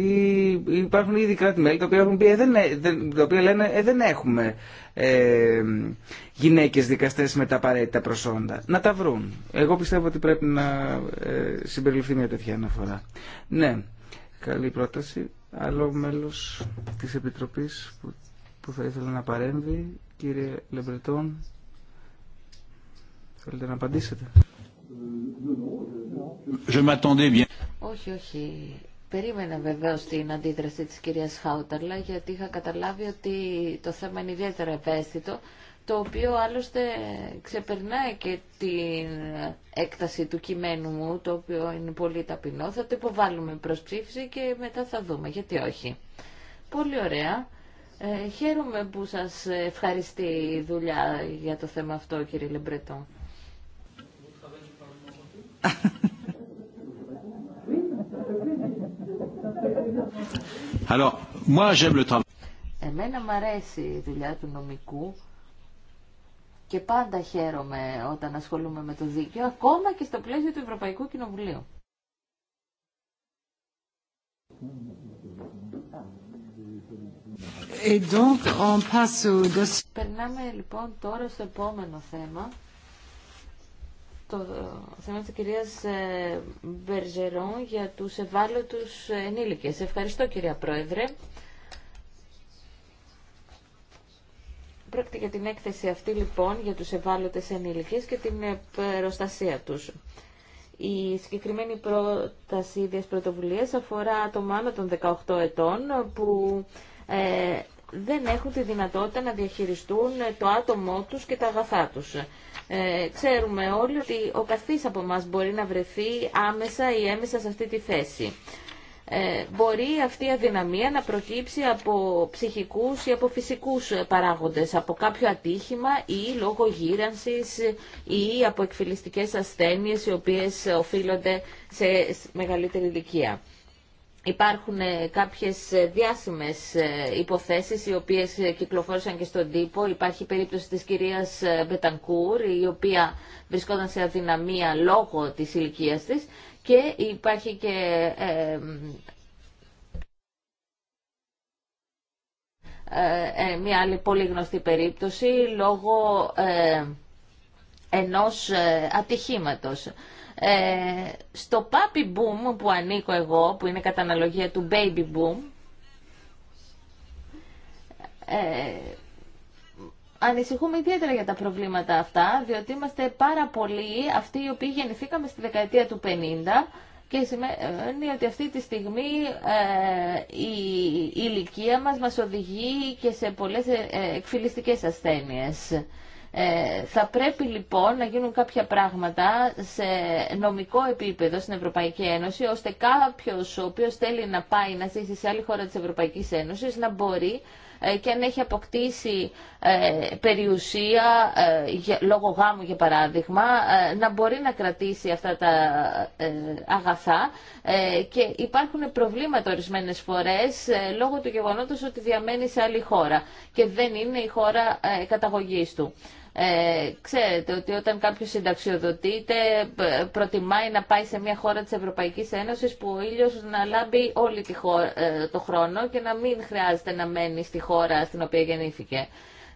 Speaker 3: υπάρχουν ήδη κράτη-μέλη τα οποία, έχουν πει, ε, δεν, τα οποία λένε δεν έχουμε ε, γυναίκες δικαστές με τα απαραίτητα προσόντα. Να τα βρουν. Εγώ πιστεύω ότι πρέπει να συμπεριληφθεί μια τέτοια αναφορά. Ναι, καλή πρόταση άλλο μέλος της Επιτροπής που, που θα ήθελα να παρέμβει. Κύριε Λεμπρετών, θέλετε να απαντήσετε.
Speaker 2: Όχι, όχι. Περίμενα βεβαίως την αντίδραση της κυρίας Χάουταρλα γιατί είχα καταλάβει ότι το θέμα είναι ιδιαίτερα ευαίσθητο το οποίο άλλωστε ξεπερνάει και την έκταση του κειμένου μου, το οποίο είναι πολύ ταπεινό. Θα το υποβάλουμε προς ψήφιση και μετά θα δούμε, γιατί όχι. Πολύ ωραία. Ε, χαίρομαι που σας ευχαριστεί η δουλειά για το θέμα αυτό, κύριε Λεμπρετό.
Speaker 4: Alors, moi,
Speaker 2: Εμένα μου αρέσει η δουλειά του νομικού και πάντα χαίρομαι όταν ασχολούμαι με το δίκαιο, ακόμα και στο πλαίσιο του Ευρωπαϊκού Κοινοβουλίου.
Speaker 4: donc, on
Speaker 2: Περνάμε λοιπόν τώρα στο επόμενο θέμα. Το θέμα της κυρίας ε, Μπερζερόν για τους ευάλωτους ενήλικες. Ευχαριστώ κυρία Πρόεδρε. πρόκειται για την έκθεση αυτή λοιπόν για τους ευάλωτες ενήλικες και την ε, προστασία τους. Η συγκεκριμένη πρόταση ίδιας πρωτοβουλίας αφορά άτομα άνω των 18 ετών που ε, δεν έχουν τη δυνατότητα να διαχειριστούν ε, το άτομό τους και τα αγαθά τους. Ε, ξέρουμε όλοι ότι ο καθής από μας μπορεί να βρεθεί άμεσα ή έμεσα σε αυτή τη θέση. Ε, μπορεί αυτή η αδυναμία να προκύψει από ψυχικούς ή από φυσικούς παράγοντες, από κάποιο ατύχημα ή λόγω γύρανσης ή από εκφυλιστικές ασθένειες οι οποίες οφείλονται σε μεγαλύτερη ηλικία. Υπάρχουν ε, κάποιες διάσημες ε, υποθέσεις οι οποίες κυκλοφόρησαν και στον τύπο. Υπάρχει η περίπτωση της κυρίας Μπετανκούρ η οποία βρισκόταν σε αδυναμία λόγω της ηλικίας της και υπάρχει και ε, ε, μια άλλη πολύ γνωστή περίπτωση λόγω ε, ενός ατυχήματος. Στο «πάπι Boom που ανήκω εγώ, που είναι αναλογία του Baby Boom, ανησυχούμε ιδιαίτερα για τα προβλήματα αυτά, διότι είμαστε πάρα πολλοί αυτοί οι οποίοι γεννηθήκαμε στη δεκαετία του 50 και σημαίνει ότι αυτή τη στιγμή ε, η, ηλικία μας μας οδηγεί και σε πολλές ε, εκφυλιστικές ασθένειες. Ε, θα πρέπει λοιπόν να γίνουν κάποια πράγματα σε νομικό επίπεδο στην Ευρωπαϊκή Ένωση, ώστε κάποιος ο οποίος θέλει να πάει να ζήσει σε άλλη χώρα της Ευρωπαϊκής Ένωσης να μπορεί ε, και αν έχει αποκτήσει ε, περιουσία ε, λόγω γάμου για παράδειγμα να μπορεί να κρατήσει αυτά τα αγαθά και υπάρχουν προβλήματα ορισμένες φορές λόγω του γεγονότος ότι διαμένει σε άλλη χώρα και δεν είναι η χώρα καταγωγής του. Ε, ξέρετε ότι όταν κάποιος συνταξιοδοτείται προτιμάει να πάει σε μια χώρα της Ευρωπαϊκής Ένωσης που ο ήλιος να λάμπει όλη ε, το χρόνο και να μην χρειάζεται να μένει στη χώρα στην οποία γεννήθηκε.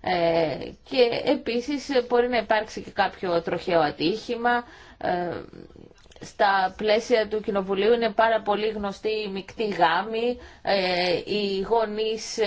Speaker 2: Ε, και επίσης μπορεί να υπάρξει και κάποιο τροχαίο ατύχημα. Ε, στα πλαίσια του Κοινοβουλίου είναι πάρα πολύ γνωστή η μεικτή οι γονείς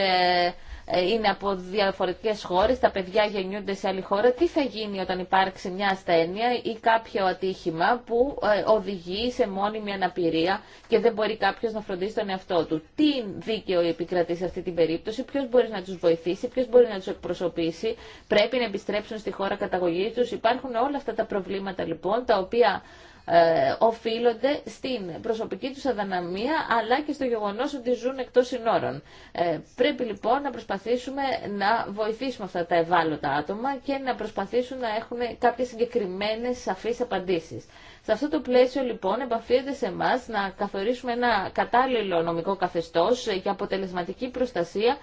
Speaker 2: είναι από διαφορετικές χώρες, τα παιδιά γεννιούνται σε άλλη χώρα. Τι θα γίνει όταν υπάρξει μια ασθένεια ή κάποιο ατύχημα που ε, οδηγεί σε μόνιμη αναπηρία και δεν μπορεί κάποιο να φροντίσει τον εαυτό του. Τι δίκαιο επικρατεί σε αυτή την περίπτωση, ποιο μπορεί να του βοηθήσει, ποιο μπορεί να του εκπροσωπήσει, πρέπει να επιστρέψουν στη χώρα καταγωγή του. Υπάρχουν όλα αυτά τα προβλήματα λοιπόν τα οποία ε, οφείλονται στην προσωπική τους αδυναμία αλλά και στο γεγονός ότι ζουν εκτός συνόρων. Ε, πρέπει λοιπόν να προσπαθήσουμε να βοηθήσουμε αυτά τα ευάλωτα άτομα και να προσπαθήσουν να έχουν κάποιες συγκεκριμένες σαφείς απαντήσεις. Σε αυτό το πλαίσιο λοιπόν επαφίεται σε εμά να καθορίσουμε ένα κατάλληλο νομικό καθεστώς για αποτελεσματική προστασία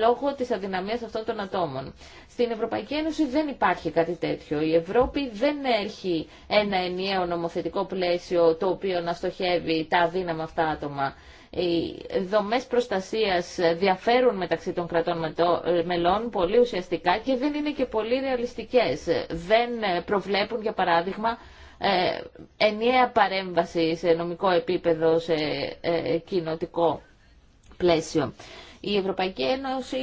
Speaker 2: λόγω της αδυναμίας αυτών των ατόμων. Στην Ευρωπαϊκή Ένωση δεν υπάρχει κάτι τέτοιο. Η Ευρώπη δεν έχει ένα ενιαίο νομοθετικό πλαίσιο το οποίο να στοχεύει τα αδύναμα αυτά άτομα. Οι δομές προστασίας διαφέρουν μεταξύ των κρατών μελών πολύ ουσιαστικά και δεν είναι και πολύ ρεαλιστικές. Δεν προβλέπουν, για παράδειγμα, ε, ενιαία παρέμβαση σε νομικό επίπεδο, σε ε, κοινοτικό πλαίσιο. Η Ευρωπαϊκή Ένωση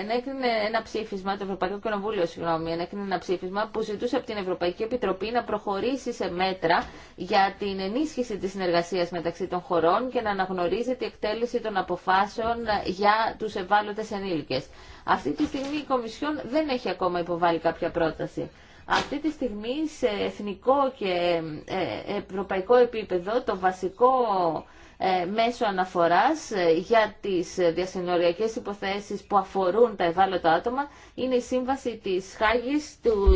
Speaker 2: ενέκρινε ένα ψήφισμα, το Ευρωπαϊκό Κοινοβούλιο, συγγνώμη, ενέκρινε ένα ψήφισμα που ζητούσε από την Ευρωπαϊκή Επιτροπή να προχωρήσει σε μέτρα για την ενίσχυση της συνεργασίας μεταξύ των χωρών και να αναγνωρίζει τη εκτέλεση των αποφάσεων για τους ευάλωτες ενήλικες. Αυτή τη στιγμή η Κομισιόν δεν έχει ακόμα υποβάλει κάποια πρόταση. Αυτή τη στιγμή σε εθνικό και ε, ε, ευρωπαϊκό επίπεδο το βασικό ε, μέσο αναφοράς για τις διασυνοριακές υποθέσεις που αφορούν τα ευάλωτα άτομα είναι η σύμβαση της Χάγης του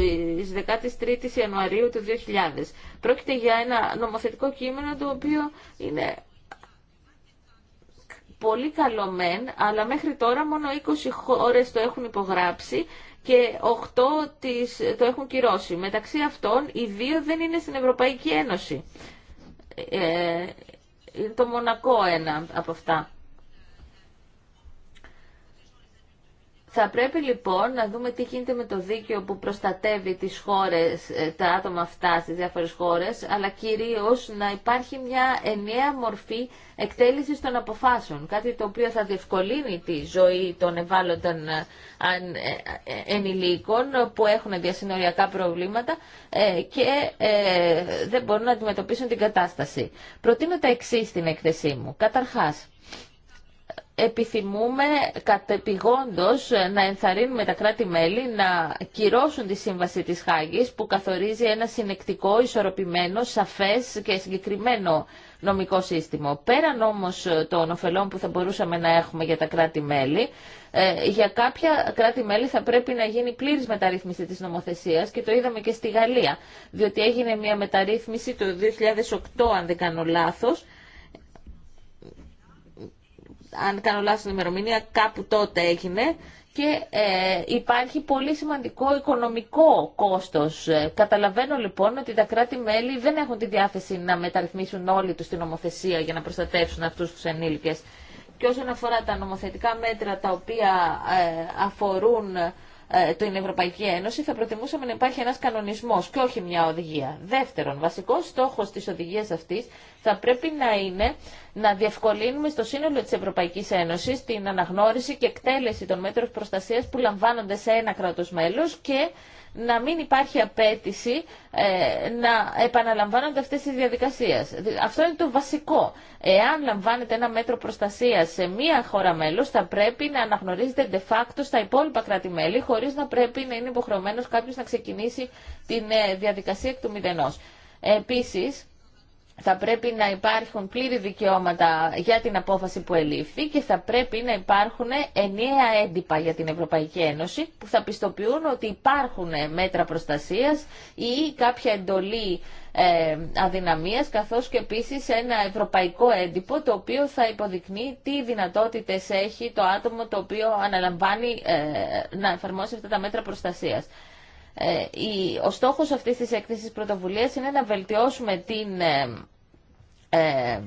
Speaker 2: 13 Ιανουαρίου του 2000. Πρόκειται για ένα νομοθετικό κείμενο το οποίο είναι πολύ καλό αλλά μέχρι τώρα μόνο 20 χώρες το έχουν υπογράψει και 8 τις, το έχουν κυρώσει. Μεταξύ αυτών, οι δύο δεν είναι στην Ευρωπαϊκή Ένωση. Ε, ε το Μονακό ένα από αυτά. Θα πρέπει λοιπόν να δούμε τι γίνεται με το δίκαιο που προστατεύει τις χώρες, ε, τα άτομα αυτά στις διάφορες χώρες, αλλά κυρίως να υπάρχει μια ενιαία μορφή εκτέλεσης των αποφάσεων, κάτι το οποίο θα διευκολύνει τη ζωή των ευάλωτων ε, ε, ενηλίκων που έχουν διασυνοριακά προβλήματα και δεν μπορούν να αντιμετωπίσουν την κατάσταση. Προτείνω τα εξή στην έκθεσή μου. Καταρχάς, επιθυμούμε κατεπηγόντως να ενθαρρύνουμε τα κράτη-μέλη να κυρώσουν τη Σύμβαση της Χάγης που καθορίζει ένα συνεκτικό, ισορροπημένο, σαφές και συγκεκριμένο νομικό σύστημα. Πέραν όμως των ωφελών που θα μπορούσαμε να έχουμε για τα κράτη-μέλη, ε, για κάποια κράτη-μέλη θα πρέπει να γίνει πλήρης μεταρρύθμιση της νομοθεσίας και το είδαμε και στη Γαλλία, διότι έγινε μια μεταρρύθμιση το 2008, αν δεν κάνω λάθος, αν κάνω λάθος την ημερομηνία, κάπου τότε έγινε και ε, υπάρχει πολύ σημαντικό οικονομικό κόστος. Ε, καταλαβαίνω λοιπόν ότι τα κράτη-μέλη δεν έχουν τη διάθεση να μεταρρυθμίσουν όλοι τους την νομοθεσία για να προστατεύσουν αυτούς τους ενήλικες. Και όσον αφορά τα νομοθετικά μέτρα τα οποία ε, αφορούν ε, την Ευρωπαϊκή Ένωση, θα προτιμούσαμε να υπάρχει ένας κανονισμός και όχι μια οδηγία. Δεύτερον, βασικός στόχος της οδηγίας αυτής θα πρέπει να είναι να διευκολύνουμε στο σύνολο της Ευρωπαϊκής Ένωσης την αναγνώριση και εκτέλεση των μέτρων προστασίας που λαμβάνονται σε ένα κράτος μέλος και να μην υπάρχει απέτηση ε, να επαναλαμβάνονται αυτές τις διαδικασίες. Αυτό είναι το βασικό. Εάν λαμβάνετε ένα μέτρο προστασίας σε μία χώρα μέλος, θα πρέπει να αναγνωρίζετε de facto στα υπόλοιπα κράτη-μέλη, χωρίς να πρέπει να είναι υποχρεωμένος κάποιος να ξεκινήσει τη ε, διαδικασία εκ του μηδενός. Επίσης, θα πρέπει να υπάρχουν πλήρη δικαιώματα για την απόφαση που ελήφθη και θα πρέπει να υπάρχουν ενιαία έντυπα για την Ευρωπαϊκή Ένωση που θα πιστοποιούν ότι υπάρχουν μέτρα προστασίας ή κάποια εντολή ε, αδυναμίας καθώς και επίσης ένα ευρωπαϊκό έντυπο το οποίο θα υποδεικνύει τι δυνατότητες έχει το άτομο το οποίο αναλαμβάνει ε, να εφαρμόσει αυτά τα μέτρα προστασίας. Ε, ο στόχος αυτής της έκθεσης πρωτοβουλίας είναι να βελτιώσουμε την ε, ε,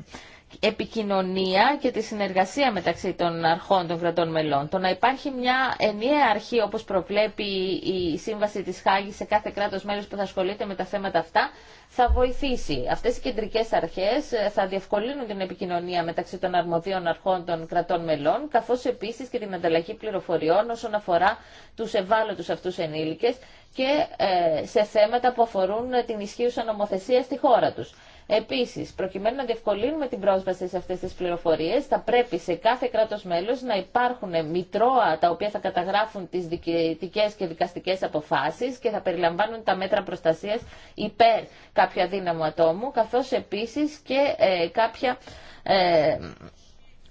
Speaker 2: επικοινωνία και τη συνεργασία μεταξύ των αρχών των κρατών μελών. Το να υπάρχει μια ενιαία αρχή όπως προβλέπει η Σύμβαση της Χάγης σε κάθε κράτος μέλος που θα ασχολείται με τα θέματα αυτά θα βοηθήσει. Αυτές οι κεντρικές αρχές ε, θα διευκολύνουν την επικοινωνία μεταξύ των αρμοδίων αρχών των κρατών μελών καθώς επίσης και την ανταλλαγή πληροφοριών όσον αφορά τους ευάλωτους αυτούς ενήλικες και ε, σε θέματα που αφορούν την ισχύουσα νομοθεσία στη χώρα τους. Επίσης, προκειμένου να διευκολύνουμε την πρόσβαση σε αυτές τι πληροφορίες, θα πρέπει σε κάθε κράτο μέλος να υπάρχουν μητρώα τα οποία θα καταγράφουν τις δικαιωτικέ και δικαστικέ αποφάσεις και θα περιλαμβάνουν τα μέτρα προστασίας υπέρ κάποια αδύναμου ατόμου, καθώς επίσης και ε, κάποια ε,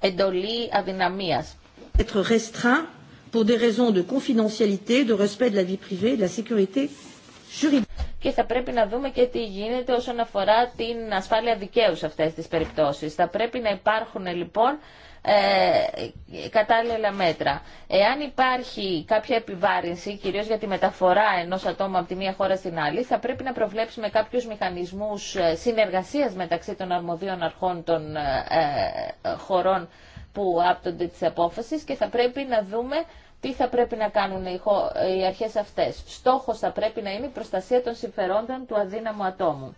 Speaker 2: εντολή αδυναμία. pour des raisons de confidentialité, de respect de la vie privée, de la sécurité juridique και θα πρέπει να δούμε και τι γίνεται όσον αφορά την ασφάλεια δικαίου σε αυτές τις περιπτώσεις. Θα πρέπει να υπάρχουν λοιπόν ε, κατάλληλα μέτρα. Εάν υπάρχει κάποια επιβάρυνση, κυρίως για τη μεταφορά ενός ατόμου από τη μία χώρα στην άλλη, θα πρέπει να προβλέψουμε κάποιους μηχανισμούς ε, συνεργασίας μεταξύ των αρμοδίων αρχών των ε, ε, χωρών που άπτονται τη απόφαση και θα πρέπει να δούμε τι θα πρέπει να κάνουν οι αρχές αυτές. Στόχος θα πρέπει να είναι η προστασία των συμφερόντων του αδύναμου ατόμου.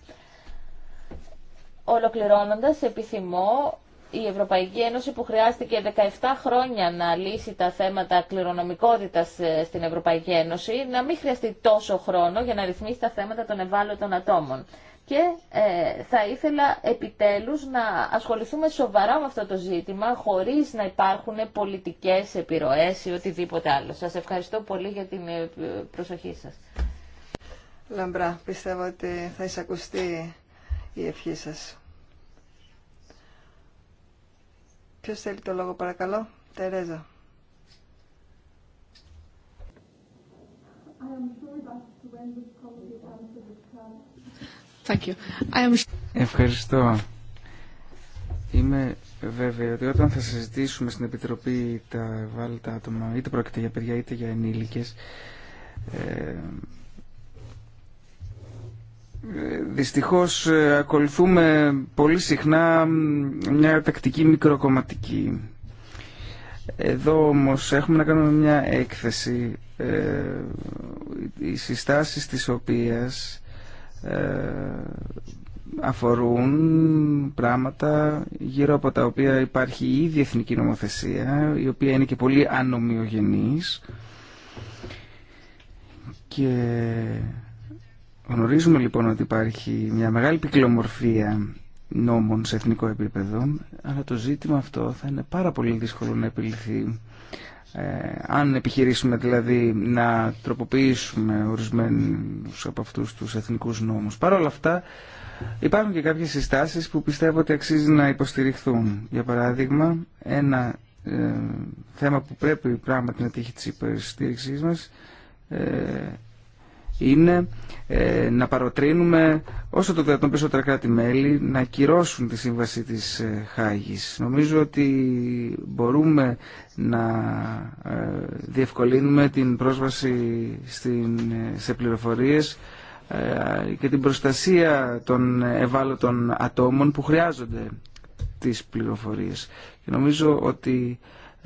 Speaker 2: Ολοκληρώνοντας, επιθυμώ η Ευρωπαϊκή Ένωση που χρειάστηκε 17 χρόνια να λύσει τα θέματα κληρονομικότητας ε, στην Ευρωπαϊκή Ένωση, να μην χρειαστεί τόσο χρόνο για να ρυθμίσει τα θέματα των ευάλωτων ατόμων και ε, θα ήθελα επιτέλους να ασχοληθούμε σοβαρά με αυτό το ζήτημα χωρίς να υπάρχουν πολιτικές επιρροές ή οτιδήποτε άλλο. Σας ευχαριστώ πολύ για την ε, προσοχή σας.
Speaker 1: Λαμπρά, πιστεύω ότι θα εισακουστεί η ευχή σας. Ποιος θέλει το λόγο παρακαλώ, Τερέζα.
Speaker 3: Ευχαριστώ. Είμαι βέβαιη ότι όταν θα συζητήσουμε στην Επιτροπή τα ευάλωτα άτομα, είτε πρόκειται για παιδιά είτε για ενήλικες, ε, δυστυχώς ε, ακολουθούμε πολύ συχνά μια τακτική μικροκομματική. Εδώ όμως έχουμε να κάνουμε μια έκθεση, ε, οι συστάσεις της οποίας ε, αφορούν πράγματα γύρω από τα οποία υπάρχει ήδη εθνική νομοθεσία, η οποία είναι και πολύ ανομοιογενής και γνωρίζουμε λοιπόν ότι υπάρχει μια μεγάλη πυκλομορφία νόμων σε εθνικό επίπεδο, αλλά το ζήτημα αυτό θα είναι πάρα πολύ δύσκολο να επιληθεί ε, αν επιχειρήσουμε δηλαδή να τροποποιήσουμε ορισμένους από αυτούς τους εθνικούς νόμους. Παρ' όλα αυτά υπάρχουν και κάποιες συστάσεις που πιστεύω ότι αξίζει να υποστηριχθούν. Για παράδειγμα, ένα ε, θέμα που πρέπει πράγματι να τύχει της υποστήριξής μας ε, είναι ε, να παροτρύνουμε όσο το δυνατόν περισσότερα κράτη-μέλη να ακυρώσουν τη σύμβαση της ε, Χάγης. Νομίζω ότι μπορούμε να ε, διευκολύνουμε την πρόσβαση στην, σε πληροφορίες και την προστασία των ευάλωτων ατόμων που χρειάζονται τις πληροφορίες. Και νομίζω ότι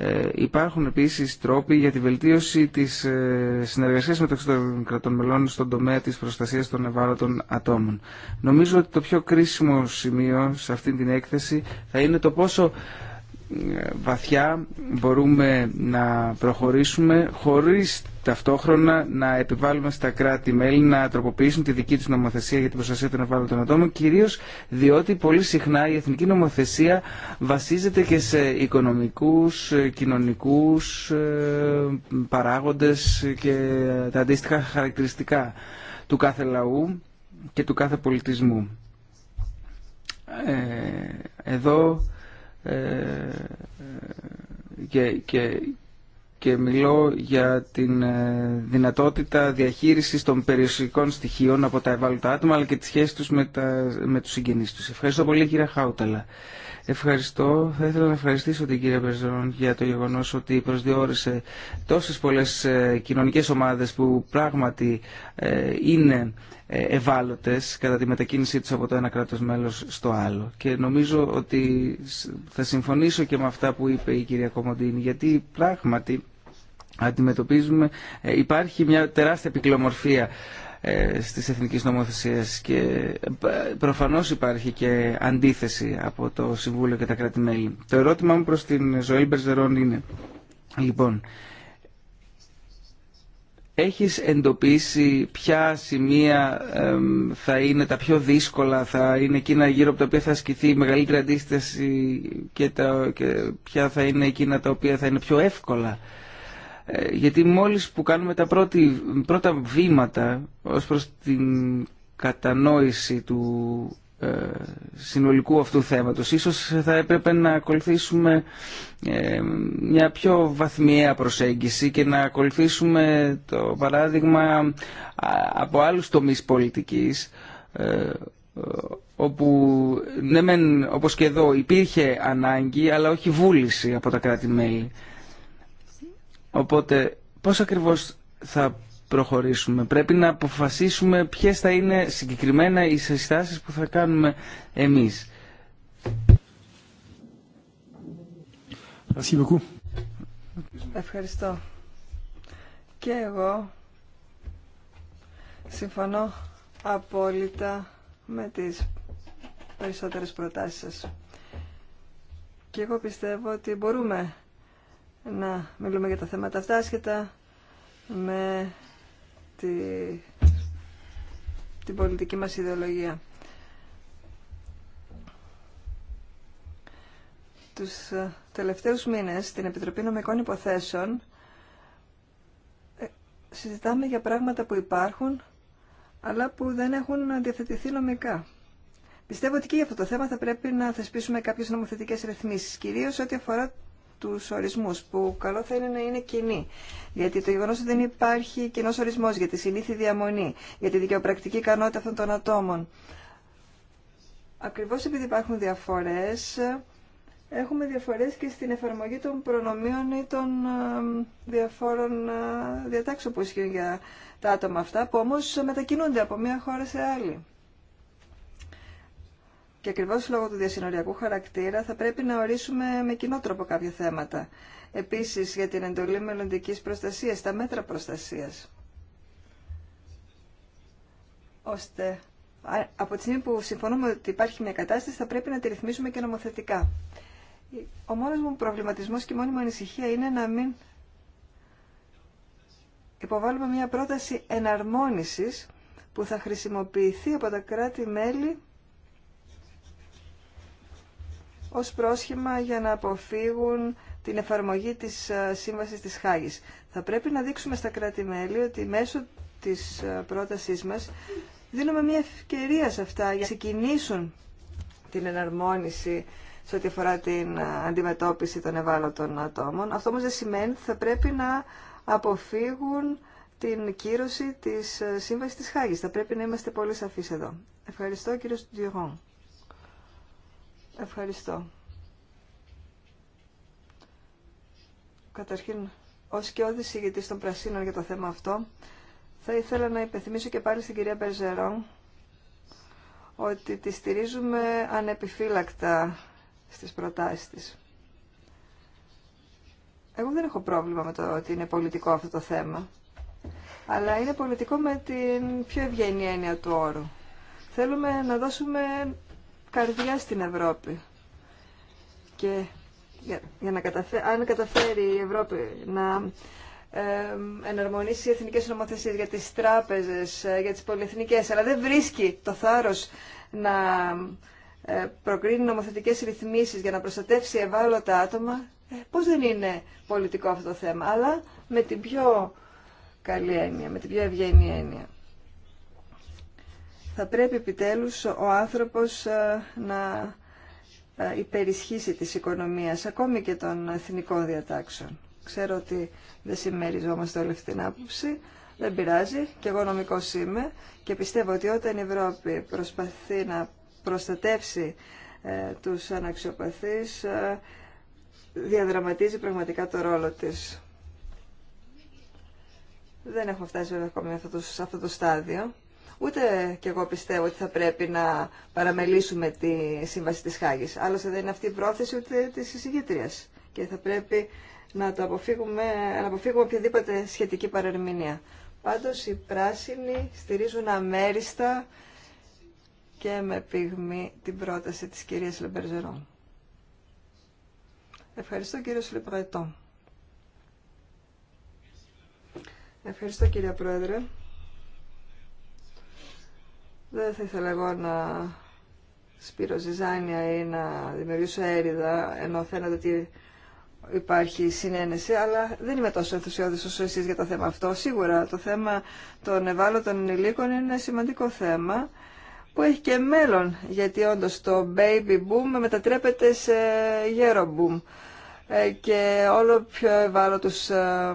Speaker 3: ε, υπάρχουν επίση τρόποι για τη βελτίωση της ε, συνεργασίας μεταξύ των κρατών μελών στον τομέα της προστασίας των ευάλωτων ατόμων. Νομίζω ότι το πιο κρίσιμο σημείο σε αυτή την έκθεση θα είναι το πόσο ε, βαθιά μπορούμε να προχωρήσουμε χωρίς ταυτόχρονα να επιβάλλουμε στα κράτη-μέλη να τροποποιήσουν τη δική τους νομοθεσία για την προστασία των ευάλωτων ατόμων, κυρίως διότι πολύ συχνά η εθνική νομοθεσία βασίζεται και σε οικονομικούς, κοινωνικούς ε, παράγοντες και τα αντίστοιχα χαρακτηριστικά του κάθε λαού και του κάθε πολιτισμού. Ε, εδώ ε, και, και, και μιλώ για την ε, δυνατότητα διαχείρισης των περιουσιακών στοιχείων από τα ευάλωτα άτομα αλλά και τη σχέση τους με, τα, με τους συγγενείς τους. Ευχαριστώ πολύ κύριε Χάουταλα. Ευχαριστώ. Θα ήθελα να ευχαριστήσω την κυρία Περζόν για το γεγονός ότι προσδιορίσε τόσες πολλές ε, κοινωνικές ομάδες που πράγματι ε, είναι ευάλωτες κατά τη μετακίνησή του από το ένα κράτος μέλος στο άλλο. Και νομίζω ότι θα συμφωνήσω και με αυτά που είπε η κυρία Κομοντίνη γιατί πράγματι αντιμετωπίζουμε, ε, υπάρχει μια τεράστια επικλομορφία ε, στις εθνικές νομοθεσίες και ε, προφανώς υπάρχει και αντίθεση από το Συμβούλιο και τα κράτη-μέλη. Το ερώτημά μου προς την Ζωή Μπερζερών είναι, λοιπόν, έχεις εντοπίσει ποια σημεία θα είναι τα πιο δύσκολα, θα είναι εκείνα γύρω από τα οποία θα ασκηθεί η μεγαλύτερη αντίσταση και, τα, και ποια θα είναι εκείνα τα οποία θα είναι πιο εύκολα ε, γιατί μόλις που κάνουμε τα πρώτα βήματα ως προς την κατανόηση του ε, συνολικού αυτού θέματος, ίσως θα έπρεπε να ακολουθήσουμε ε, μια πιο βαθμιαία προσέγγιση και να ακολουθήσουμε το παράδειγμα από άλλους τομείς πολιτικής, όπου ναι μεν όπως και εδώ υπήρχε ανάγκη αλλά όχι βούληση από τα κράτη-μέλη. Οπότε πώς ακριβώς θα προχωρήσουμε. Πρέπει να αποφασίσουμε ποιες θα είναι συγκεκριμένα οι συστάσεις που θα κάνουμε εμείς.
Speaker 1: Ευχαριστώ. Και εγώ συμφωνώ απόλυτα με τις περισσότερες προτάσεις σας. Και εγώ πιστεύω ότι μπορούμε να μιλούμε για τα θέματα αυτά σχετα με τη, την πολιτική μας ιδεολογία. Τους ε, τελευταίους μήνες στην Επιτροπή Νομικών Υποθέσεων ε, συζητάμε για πράγματα που υπάρχουν αλλά που δεν έχουν διαθετηθεί νομικά. Πιστεύω ότι και για αυτό το θέμα θα πρέπει να θεσπίσουμε κάποιες νομοθετικές ρυθμίσεις, κυρίως ό,τι αφορά του ορισμού που καλό θα είναι να είναι κοινή. Γιατί το γεγονό ότι δεν υπάρχει κοινό ορισμό για τη συνήθη διαμονή, για τη δικαιοπρακτική ικανότητα αυτών των ατόμων. Ακριβώ επειδή υπάρχουν διαφορέ, έχουμε διαφορέ και στην εφαρμογή των προνομίων ή των διαφόρων ε, διατάξεων που ισχύουν για τα άτομα αυτά, που όμω μετακινούνται από μία χώρα σε άλλη. Και ακριβώ λόγω του διασυνοριακού χαρακτήρα θα πρέπει να ορίσουμε με κοινό τρόπο κάποια θέματα. Επίση για την εντολή μελλοντική προστασία, τα μέτρα προστασία. Ώστε από τη στιγμή που συμφωνούμε ότι υπάρχει μια κατάσταση θα πρέπει να τη ρυθμίσουμε και νομοθετικά. Ο μόνο μου προβληματισμός και η μόνη μου ανησυχία είναι να μην υποβάλουμε μια πρόταση εναρμόνισης που θα χρησιμοποιηθεί από τα κράτη-μέλη ως πρόσχημα για να αποφύγουν την εφαρμογή της ε, Σύμβασης της Χάγης. Θα πρέπει να δείξουμε στα κράτη-μέλη ότι μέσω της ε, πρότασής μας δίνουμε μια ευκαιρία σε αυτά για να ξεκινήσουν την εναρμόνιση σε ό,τι αφορά την ε, αντιμετώπιση των ευάλωτων ατόμων. Αυτό όμως δεν σημαίνει ότι θα πρέπει να αποφύγουν την κύρωση της Σύμβασης της Χάγης. Θα πρέπει να είμαστε πολύ σαφείς εδώ. Ευχαριστώ κύριο Στουτιογόν. Ευχαριστώ. Καταρχήν, ω και ηγετής των Πρασίνων για το θέμα αυτό, θα ήθελα να υπενθυμίσω και πάλι στην κυρία Μπερζερόν ότι τη στηρίζουμε ανεπιφύλακτα στις προτάσεις της. Εγώ δεν έχω πρόβλημα με το ότι είναι πολιτικό αυτό το θέμα. Αλλά είναι πολιτικό με την πιο ευγενή έννοια του όρου. Θέλουμε να δώσουμε καρδιά στην Ευρώπη. Και για, να καταφέρει, αν καταφέρει η Ευρώπη να ε, εναρμονίσει οι εθνικές νομοθεσίες για τις τράπεζες, ε, για τις πολυεθνικές, αλλά δεν βρίσκει το θάρρος να ε, προκρίνει νομοθετικές ρυθμίσεις για να προστατεύσει ευάλωτα άτομα, ε, πώς δεν είναι πολιτικό αυτό το θέμα, αλλά με την πιο καλή έννοια, με την πιο ευγένεια. έννοια. Θα πρέπει επιτέλους ο άνθρωπος ε, να ε, υπερισχύσει της οικονομίας, ακόμη και των εθνικών διατάξεων. Ξέρω ότι δεν συμμεριζόμαστε όλη αυτή την άποψη, δεν πειράζει, και εγώ νομικός είμαι και πιστεύω ότι όταν η Ευρώπη προσπαθεί να προστατεύσει ε, τους αναξιοπαθείς, διαδραματίζει πραγματικά το ρόλο της. Δεν έχουμε φτάσει βέβαια ακόμη σε αυτό το στάδιο Ούτε κι εγώ πιστεύω ότι θα πρέπει να παραμελήσουμε τη σύμβαση της Χάγης. Άλλωστε δεν είναι αυτή η πρόθεση ούτε της εισηγήτριας. Και θα πρέπει να, το αποφύγουμε, να αποφύγουμε οποιαδήποτε σχετική παρερμηνία. Πάντως οι πράσινοι στηρίζουν αμέριστα και με πυγμή την πρόταση της κυρίας Λεμπερζερό. Ευχαριστώ κύριο Σλιπρετό. Ευχαριστώ κύριε Πρόεδρε. Δεν θα ήθελα εγώ να σπείρω ζυζάνια ή να δημιουργήσω έρηδα, ενώ φαίνεται ότι υπάρχει συνένεση, αλλά δεν είμαι τόσο ενθουσιώδης όσο εσείς για το θέμα αυτό. Σίγουρα το θέμα των ευάλωτων ενηλίκων είναι ένα σημαντικό θέμα που έχει και μέλλον, γιατί όντως το baby boom μετατρέπεται σε γέρο boom ε, και όλο πιο ευάλωτους ε,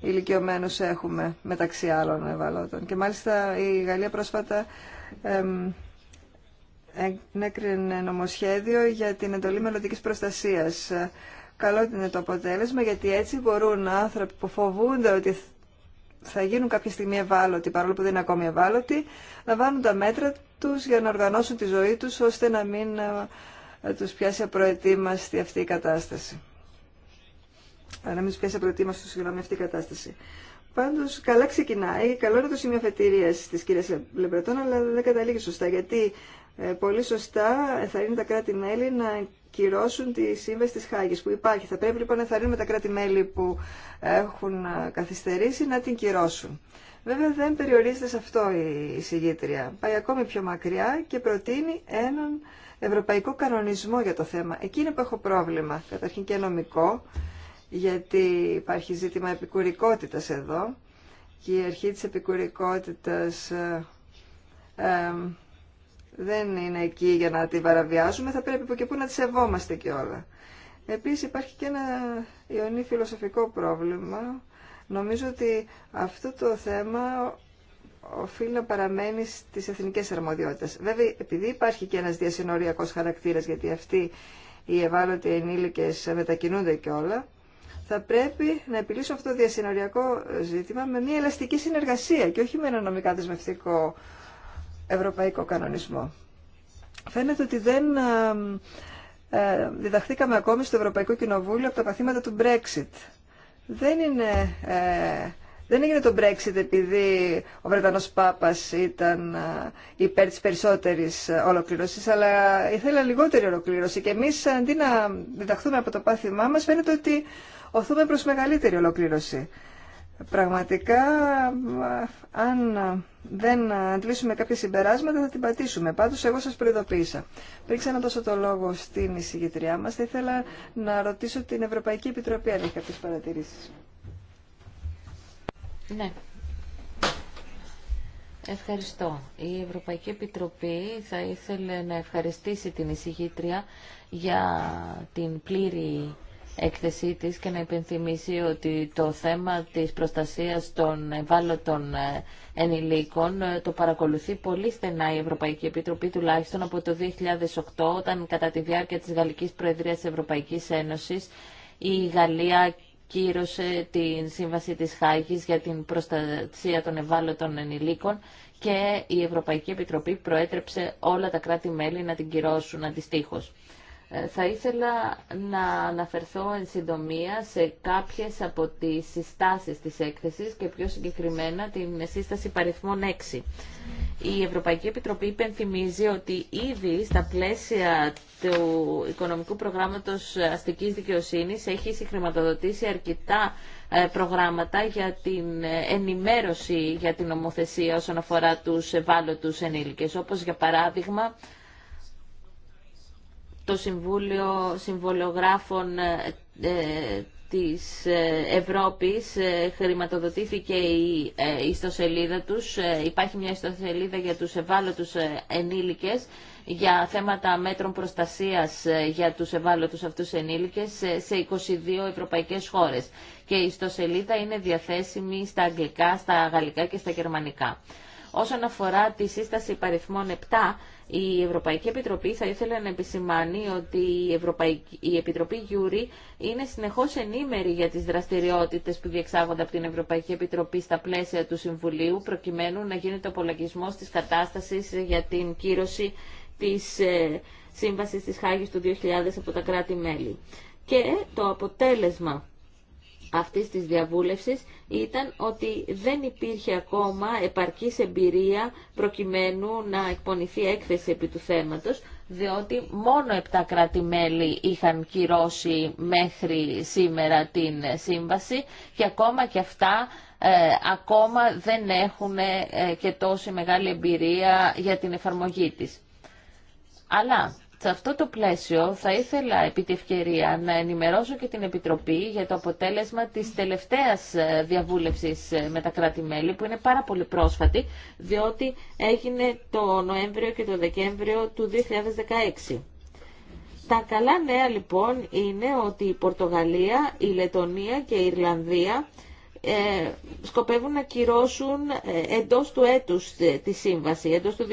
Speaker 1: ηλικιωμένους έχουμε μεταξύ άλλων ευαλώτων. Και μάλιστα η Γαλλία πρόσφατα έκρινε νομοσχέδιο για την εντολή μελλοντική προστασίας. Καλό είναι το αποτέλεσμα γιατί έτσι μπορούν άνθρωποι που φοβούνται ότι θα γίνουν κάποια στιγμή ευάλωτοι, παρόλο που δεν είναι ακόμη ευάλωτοι, να βάλουν τα μέτρα τους για να οργανώσουν τη ζωή τους ώστε να μην ε, τους πιάσει απροετοίμαστη αυτή η κατάσταση να μην πιάσει στο συγγνώμη αυτή η κατάσταση. Πάντω, καλά ξεκινάει. Καλό είναι το σημείο αφετηρία τη κυρία Λεμπρετών, αλλά δεν καταλήγει σωστά. Γιατί ε, πολύ σωστά θα είναι τα κράτη-μέλη να κυρώσουν τη σύμβαση τη Χάγη που υπάρχει. Θα πρέπει λοιπόν να θαρρύνουμε τα κράτη-μέλη που έχουν ε, καθυστερήσει να την κυρώσουν. Βέβαια δεν περιορίζεται σε αυτό η συγγήτρια. Πάει ακόμη πιο μακριά και προτείνει έναν ευρωπαϊκό κανονισμό για το θέμα. Εκείνο που έχω πρόβλημα, καταρχήν και νομικό, γιατί υπάρχει ζήτημα επικουρικότητας εδώ και η αρχή της επικουρικότητας ε, δεν είναι εκεί για να τη βαραβιάζουμε, θα πρέπει που και που να τη σεβόμαστε και όλα. Επίσης υπάρχει και ένα ιονή φιλοσοφικό πρόβλημα. Νομίζω ότι αυτό το θέμα οφείλει να παραμένει στις εθνικές αρμοδιότητες. Βέβαια, επειδή υπάρχει και ένας διασυνοριακός χαρακτήρας, γιατί αυτοί οι ευάλωτοι ενήλικες μετακινούνται και όλα, θα πρέπει να επιλύσω αυτό το διασυνοριακό ζήτημα με μια ελαστική συνεργασία και όχι με ένα νομικά δεσμευτικό ευρωπαϊκό κανονισμό. Φαίνεται ότι δεν ε, ε, διδαχθήκαμε ακόμη στο Ευρωπαϊκό Κοινοβούλιο από τα παθήματα του Brexit. Δεν είναι... Ε, δεν έγινε το Brexit επειδή ο Βρετανός Πάπας ήταν υπέρ της περισσότερης ολοκλήρωσης, αλλά ήθελα λιγότερη ολοκλήρωση. Και εμείς αντί να διδαχθούμε από το πάθημά μας, φαίνεται ότι οθούμε προς μεγαλύτερη ολοκλήρωση. Πραγματικά, αν δεν αντλήσουμε κάποια συμπεράσματα, θα την πατήσουμε. Πάντως, εγώ σας προειδοποίησα. Πριν ξαναδώσω το λόγο στην εισηγητριά μας, θα ήθελα να ρωτήσω την Ευρωπαϊκή Επιτροπή, αν έχει κάποιες παρατηρήσεις.
Speaker 2: Ναι. Ευχαριστώ. Η Ευρωπαϊκή Επιτροπή θα ήθελε να ευχαριστήσει την εισηγήτρια για την πλήρη έκθεσή και να υπενθυμίσει ότι το θέμα της προστασίας των ευάλωτων ε, ενηλίκων ε, το παρακολουθεί πολύ στενά η Ευρωπαϊκή Επιτροπή τουλάχιστον από το 2008 όταν κατά τη διάρκεια της Γαλλικής Προεδρίας της Ευρωπαϊκής Ένωσης η Γαλλία κύρωσε την Σύμβαση της Χάγης για την προστασία των ευάλωτων ενηλίκων και η Ευρωπαϊκή Επιτροπή προέτρεψε όλα τα κράτη-μέλη να την κυρώσουν αντιστοίχως. Ε, θα ήθελα να αναφερθώ εν συντομία σε κάποιες από τις συστάσεις της έκθεσης και πιο συγκεκριμένα την σύσταση παριθμών 6. Η Ευρωπαϊκή Επιτροπή υπενθυμίζει ότι ήδη στα πλαίσια του Οικονομικού Προγράμματος Αστικής Δικαιοσύνης έχει συγχρηματοδοτήσει αρκετά ε, προγράμματα για την ε, ενημέρωση για την νομοθεσία όσον αφορά τους ευάλωτους ενήλικες, όπως για παράδειγμα το Συμβούλιο Συμβολογράφων ε, ε, της ε, Ευρώπης χρηματοδοτήθηκε η ιστοσελίδα τους. Υπάρχει μια ιστοσελίδα για τους ευάλωτους ενήλικες για θέματα μέτρων προστασίας για τους ευάλωτους αυτούς ενήλικες σε 22 ευρωπαϊκές χώρες. Και η ιστοσελίδα είναι διαθέσιμη στα αγγλικά, στα γαλλικά και στα γερμανικά. Όσον αφορά τη σύσταση υπαριθμών 7, η Ευρωπαϊκή Επιτροπή θα ήθελε να επισημάνει ότι η, Ευρωπαϊκή, η Επιτροπή Γιούρι είναι συνεχώς ενήμερη για τι δραστηριότητε που διεξάγονται από την Ευρωπαϊκή Επιτροπή στα πλαίσια του Συμβουλίου προκειμένου να γίνεται ο απολαγισμός της κατάστασης για την κύρωση της ε, Σύμβασης της Χάγης του 2000 από τα κράτη-μέλη. Και το αποτέλεσμα αυτής της διαβούλευσης ήταν ότι δεν υπήρχε ακόμα επαρκής εμπειρία προκειμένου να εκπονηθεί έκθεση επί του θέματος, διότι μόνο 7 κράτη-μέλη είχαν κυρώσει μέχρι σήμερα την σύμβαση και ακόμα και αυτά ε, ακόμα δεν έχουν ε, και τόση μεγάλη εμπειρία για την εφαρμογή της. Αλλά σε αυτό το πλαίσιο θα ήθελα επί τη ευκαιρία να ενημερώσω και την Επιτροπή για το αποτέλεσμα της τελευταίας ε, διαβούλευσης ε, με τα κράτη-μέλη που είναι πάρα πολύ πρόσφατη διότι έγινε το Νοέμβριο και το Δεκέμβριο του 2016. Τα καλά νέα λοιπόν είναι ότι η Πορτογαλία, η Λετωνία και η Ιρλανδία ε, σκοπεύουν να κυρώσουν ε, εντός του έτους ε, τη σύμβαση, εντός του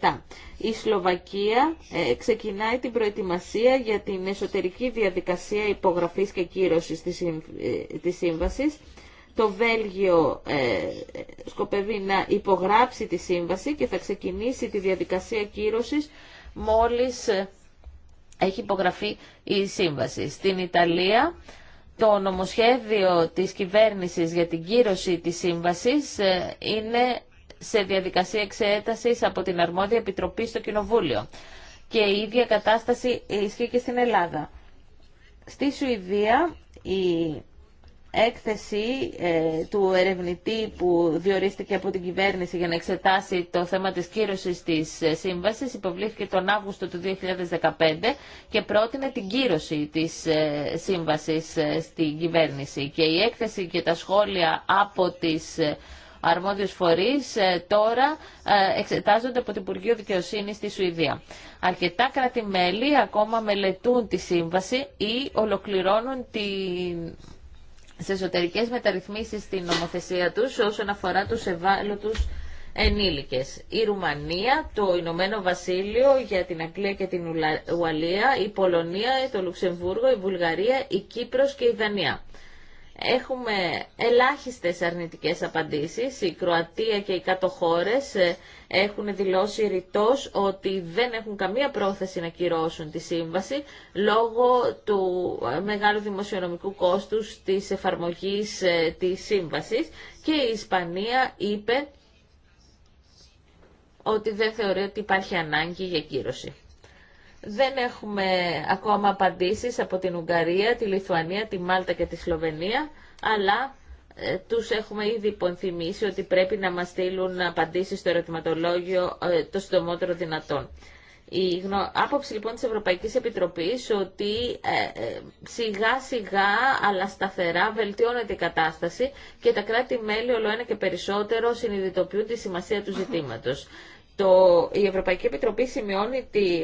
Speaker 2: 2017. Η Σλοβακία ξεκινάει την προετοιμασία για την εσωτερική διαδικασία υπογραφής και κύρωσης της σύμβασης. Το Βέλγιο σκοπεύει να υπογράψει τη σύμβαση και θα ξεκινήσει τη διαδικασία κύρωσης μόλις έχει υπογραφεί η σύμβαση. Στην Ιταλία το νομοσχέδιο της κυβέρνησης για την κύρωση της σύμβασης ε, είναι σε διαδικασία εξέτασης από την αρμόδια επιτροπή στο Κοινοβούλιο. Και η ίδια κατάσταση ισχύει και στην Ελλάδα. Στη Σουηδία η έκθεση ε, του ερευνητή που διορίστηκε από την κυβέρνηση για να εξετάσει το θέμα της κύρωσης της ε, σύμβασης υποβλήθηκε τον Αύγουστο του 2015 και πρότεινε την κύρωση της ε, σύμβασης στην κυβέρνηση και η έκθεση και τα σχόλια από τις αρμόδιους φορείς τώρα εξετάζονται από το Υπουργείο Δικαιοσύνης στη Σουηδία. Αρκετά κράτη-μέλη ακόμα μελετούν τη σύμβαση ή ολοκληρώνουν την σε εσωτερικέ μεταρρυθμίσεις στην νομοθεσία τους όσον αφορά τους ευάλωτους ενήλικες. Η Ρουμανία, το Ηνωμένο Βασίλειο για την Αγγλία και την Ουαλία, η Πολωνία, το Λουξεμβούργο, η Βουλγαρία, η Κύπρος και η Δανία. Έχουμε ελάχιστες αρνητικές απαντήσεις. Η Κροατία και οι κάτω ε, έχουν δηλώσει ρητός ότι δεν έχουν καμία πρόθεση να κυρώσουν τη σύμβαση λόγω του ε, μεγάλου δημοσιονομικού κόστους της εφαρμογής ε, της σύμβασης και η Ισπανία είπε ότι δεν θεωρεί ότι υπάρχει ανάγκη για κύρωση. Δεν έχουμε ακόμα απαντήσεις από την Ουγγαρία, τη Λιθουανία, τη Μάλτα και τη Σλοβενία, αλλά ε, τους έχουμε ήδη υποθυμίσει ότι πρέπει να μας στείλουν απαντήσεις στο ερωτηματολόγιο ε, το συντομότερο δυνατόν. Η άποψη λοιπόν της Ευρωπαϊκής Επιτροπής ότι ε, σιγά σιγά αλλά σταθερά βελτιώνεται η κατάσταση και τα κράτη-μέλη όλο ένα και περισσότερο συνειδητοποιούν τη σημασία του ζητήματος. Το, η Ευρωπαϊκή Επιτροπή σημειώνει τη,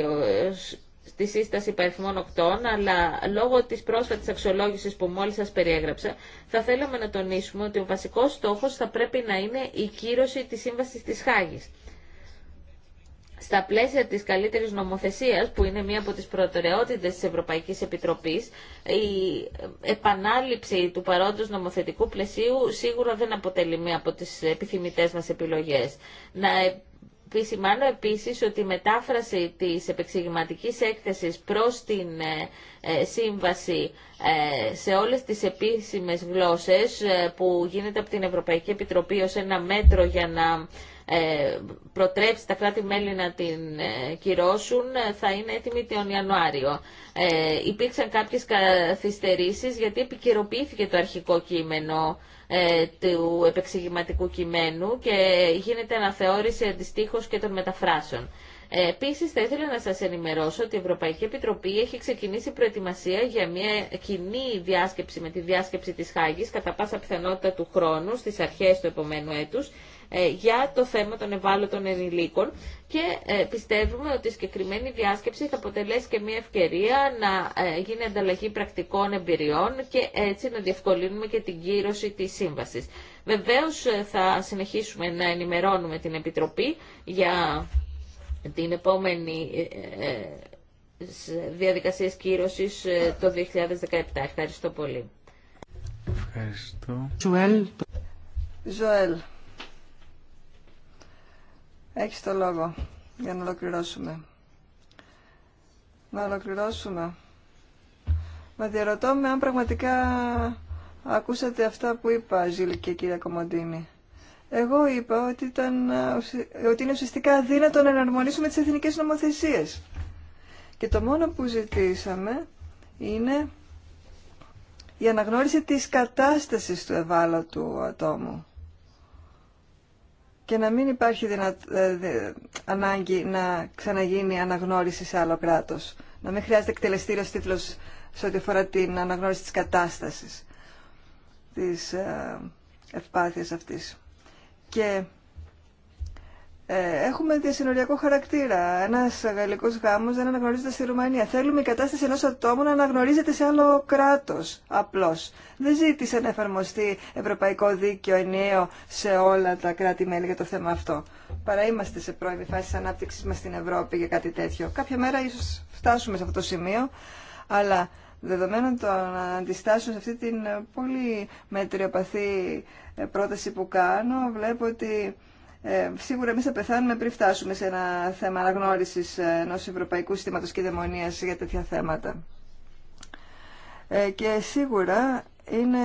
Speaker 2: στη σύσταση υπαριθμών οκτών αλλά λόγω της πρόσφατης αξιολόγησης που μόλις σας περιέγραψα, θα θέλαμε να τονίσουμε ότι ο βασικός στόχος θα πρέπει να είναι η κύρωση της Σύμβασης της Χάγης. Στα πλαίσια της καλύτερης νομοθεσίας, που είναι μία από τις προτεραιότητες της Ευρωπαϊκής Επιτροπής, η επανάληψη του παρόντος νομοθετικού πλαισίου σίγουρα δεν αποτελεί μία από τις επιθυμητές μας επιλογές. Να επισημάνω επίσης ότι η μετάφραση της επεξηγηματικής έκθεσης προς την ε, ε, σύμβαση ε, σε όλες τις επίσημες γλώσσες που γίνεται από την Ευρωπαϊκή Επιτροπή ως ένα μέτρο για να προτρέψει τα κράτη-μέλη να την κυρώσουν, θα είναι έτοιμη τον Ιανουάριο. Ε, υπήρξαν κάποιες καθυστερήσεις γιατί επικαιροποιήθηκε το αρχικό κείμενο ε, του επεξηγηματικού κειμένου και γίνεται αναθεώρηση αντιστοίχω και των μεταφράσεων. Ε, επίσης, θα ήθελα να σας ενημερώσω ότι η Ευρωπαϊκή Επιτροπή έχει ξεκινήσει προετοιμασία για μια κοινή διάσκεψη με τη διάσκεψη της Χάγης κατά πάσα πιθανότητα του χρόνου στις αρχές του επομένου έτους ε, για το θέμα των ευάλωτων ενηλίκων και ε, πιστεύουμε ότι η συγκεκριμένη διάσκεψη θα αποτελέσει και μια ευκαιρία να ε, γίνει ανταλλαγή πρακτικών εμπειριών και έτσι να διευκολύνουμε και την κύρωση της σύμβασης. Βεβαίως θα συνεχίσουμε να ενημερώνουμε την Επιτροπή για την επόμενη διαδικασία κύρωσης το 2017. Ευχαριστώ πολύ.
Speaker 4: Ευχαριστώ.
Speaker 1: Έχεις το λόγο για να ολοκληρώσουμε. Να ολοκληρώσουμε. Μα διαρωτώ με αν πραγματικά ακούσατε αυτά που είπα, Ζήλ και κύριε Κομοντίνη. Εγώ είπα ότι, ότι είναι ουσιαστικά αδύνατο να εναρμονίσουμε τις εθνικές νομοθεσίες. Και το μόνο που ζητήσαμε είναι η αναγνώριση της κατάστασης του ευάλωτου ατόμου και να μην υπάρχει ε, ανάγκη να ξαναγίνει αναγνώριση σε άλλο κράτος. Να μην χρειάζεται εκτελεστήριο τίτλος σε ό,τι αφορά την αναγνώριση της κατάστασης της ε, ευπάθειας αυτής. Και ε, έχουμε διασυνοριακό χαρακτήρα. Ένα γαλλικό γάμο δεν αναγνωρίζεται στη Ρουμανία. Θέλουμε η κατάσταση ενό ατόμου να αναγνωρίζεται σε άλλο κράτο. Απλώ. Δεν ζήτησε να εφαρμοστεί ευρωπαϊκό δίκαιο ενιαίο σε όλα τα κράτη-μέλη για το θέμα αυτό. Παρά είμαστε σε πρώιμη φάση ανάπτυξη μα στην Ευρώπη για κάτι τέτοιο. Κάποια μέρα ίσω φτάσουμε σε αυτό το σημείο, αλλά δεδομένων των αντιστάσεων σε αυτή την πολύ μετριοπαθή ε, πρόταση που κάνω, βλέπω ότι ε, σίγουρα εμεί θα πεθάνουμε πριν φτάσουμε σε ένα θέμα αναγνώριση ε, ενό ευρωπαϊκού συστήματο δαιμονία για τέτοια θέματα. Ε, και σίγουρα είναι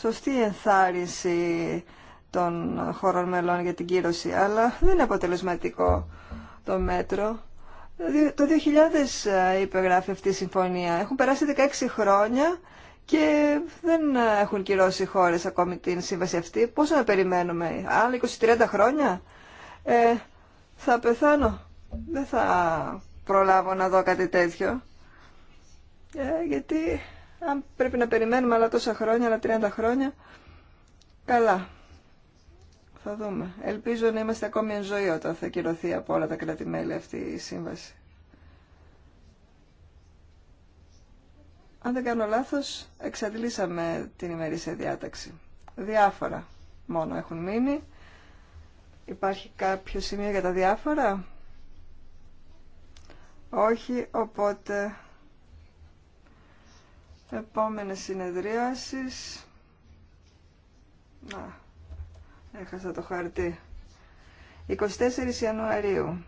Speaker 1: σωστή η ενθάρρυνση των χωρών μελών για την κύρωση, αλλά δεν είναι αποτελεσματικό το μέτρο. Το 2000 ε, υπεγράφει αυτή η συμφωνία. Έχουν περάσει 16 χρόνια και δεν έχουν κυρώσει οι χώρες ακόμη την σύμβαση αυτή. Πόσο να περιμένουμε, άλλα 20-30 χρόνια ε, θα πεθάνω. Δεν θα προλάβω να δω κάτι τέτοιο. Ε, γιατί αν πρέπει να περιμένουμε άλλα τόσα χρόνια, άλλα 30 χρόνια, καλά. Θα δούμε. Ελπίζω να είμαστε ακόμη εν ζωή όταν θα κυρωθεί από όλα τα κράτη-μέλη αυτή η σύμβαση. Αν δεν κάνω λάθος, εξαντλήσαμε την ημερήσια διάταξη. Διάφορα μόνο έχουν μείνει. Υπάρχει κάποιο σημείο για τα διάφορα? Όχι, οπότε... Επόμενες συνεδρίασεις... Να, έχασα το χαρτί. 24 Ιανουαρίου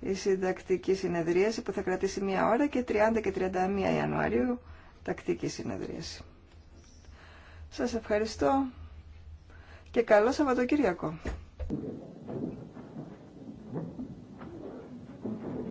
Speaker 1: η συντακτική συνεδρίαση που θα κρατήσει μία ώρα και 30 και 31 Ιανουαρίου τακτική συνεδρίαση. Σας ευχαριστώ και καλό Σαββατοκύριακο.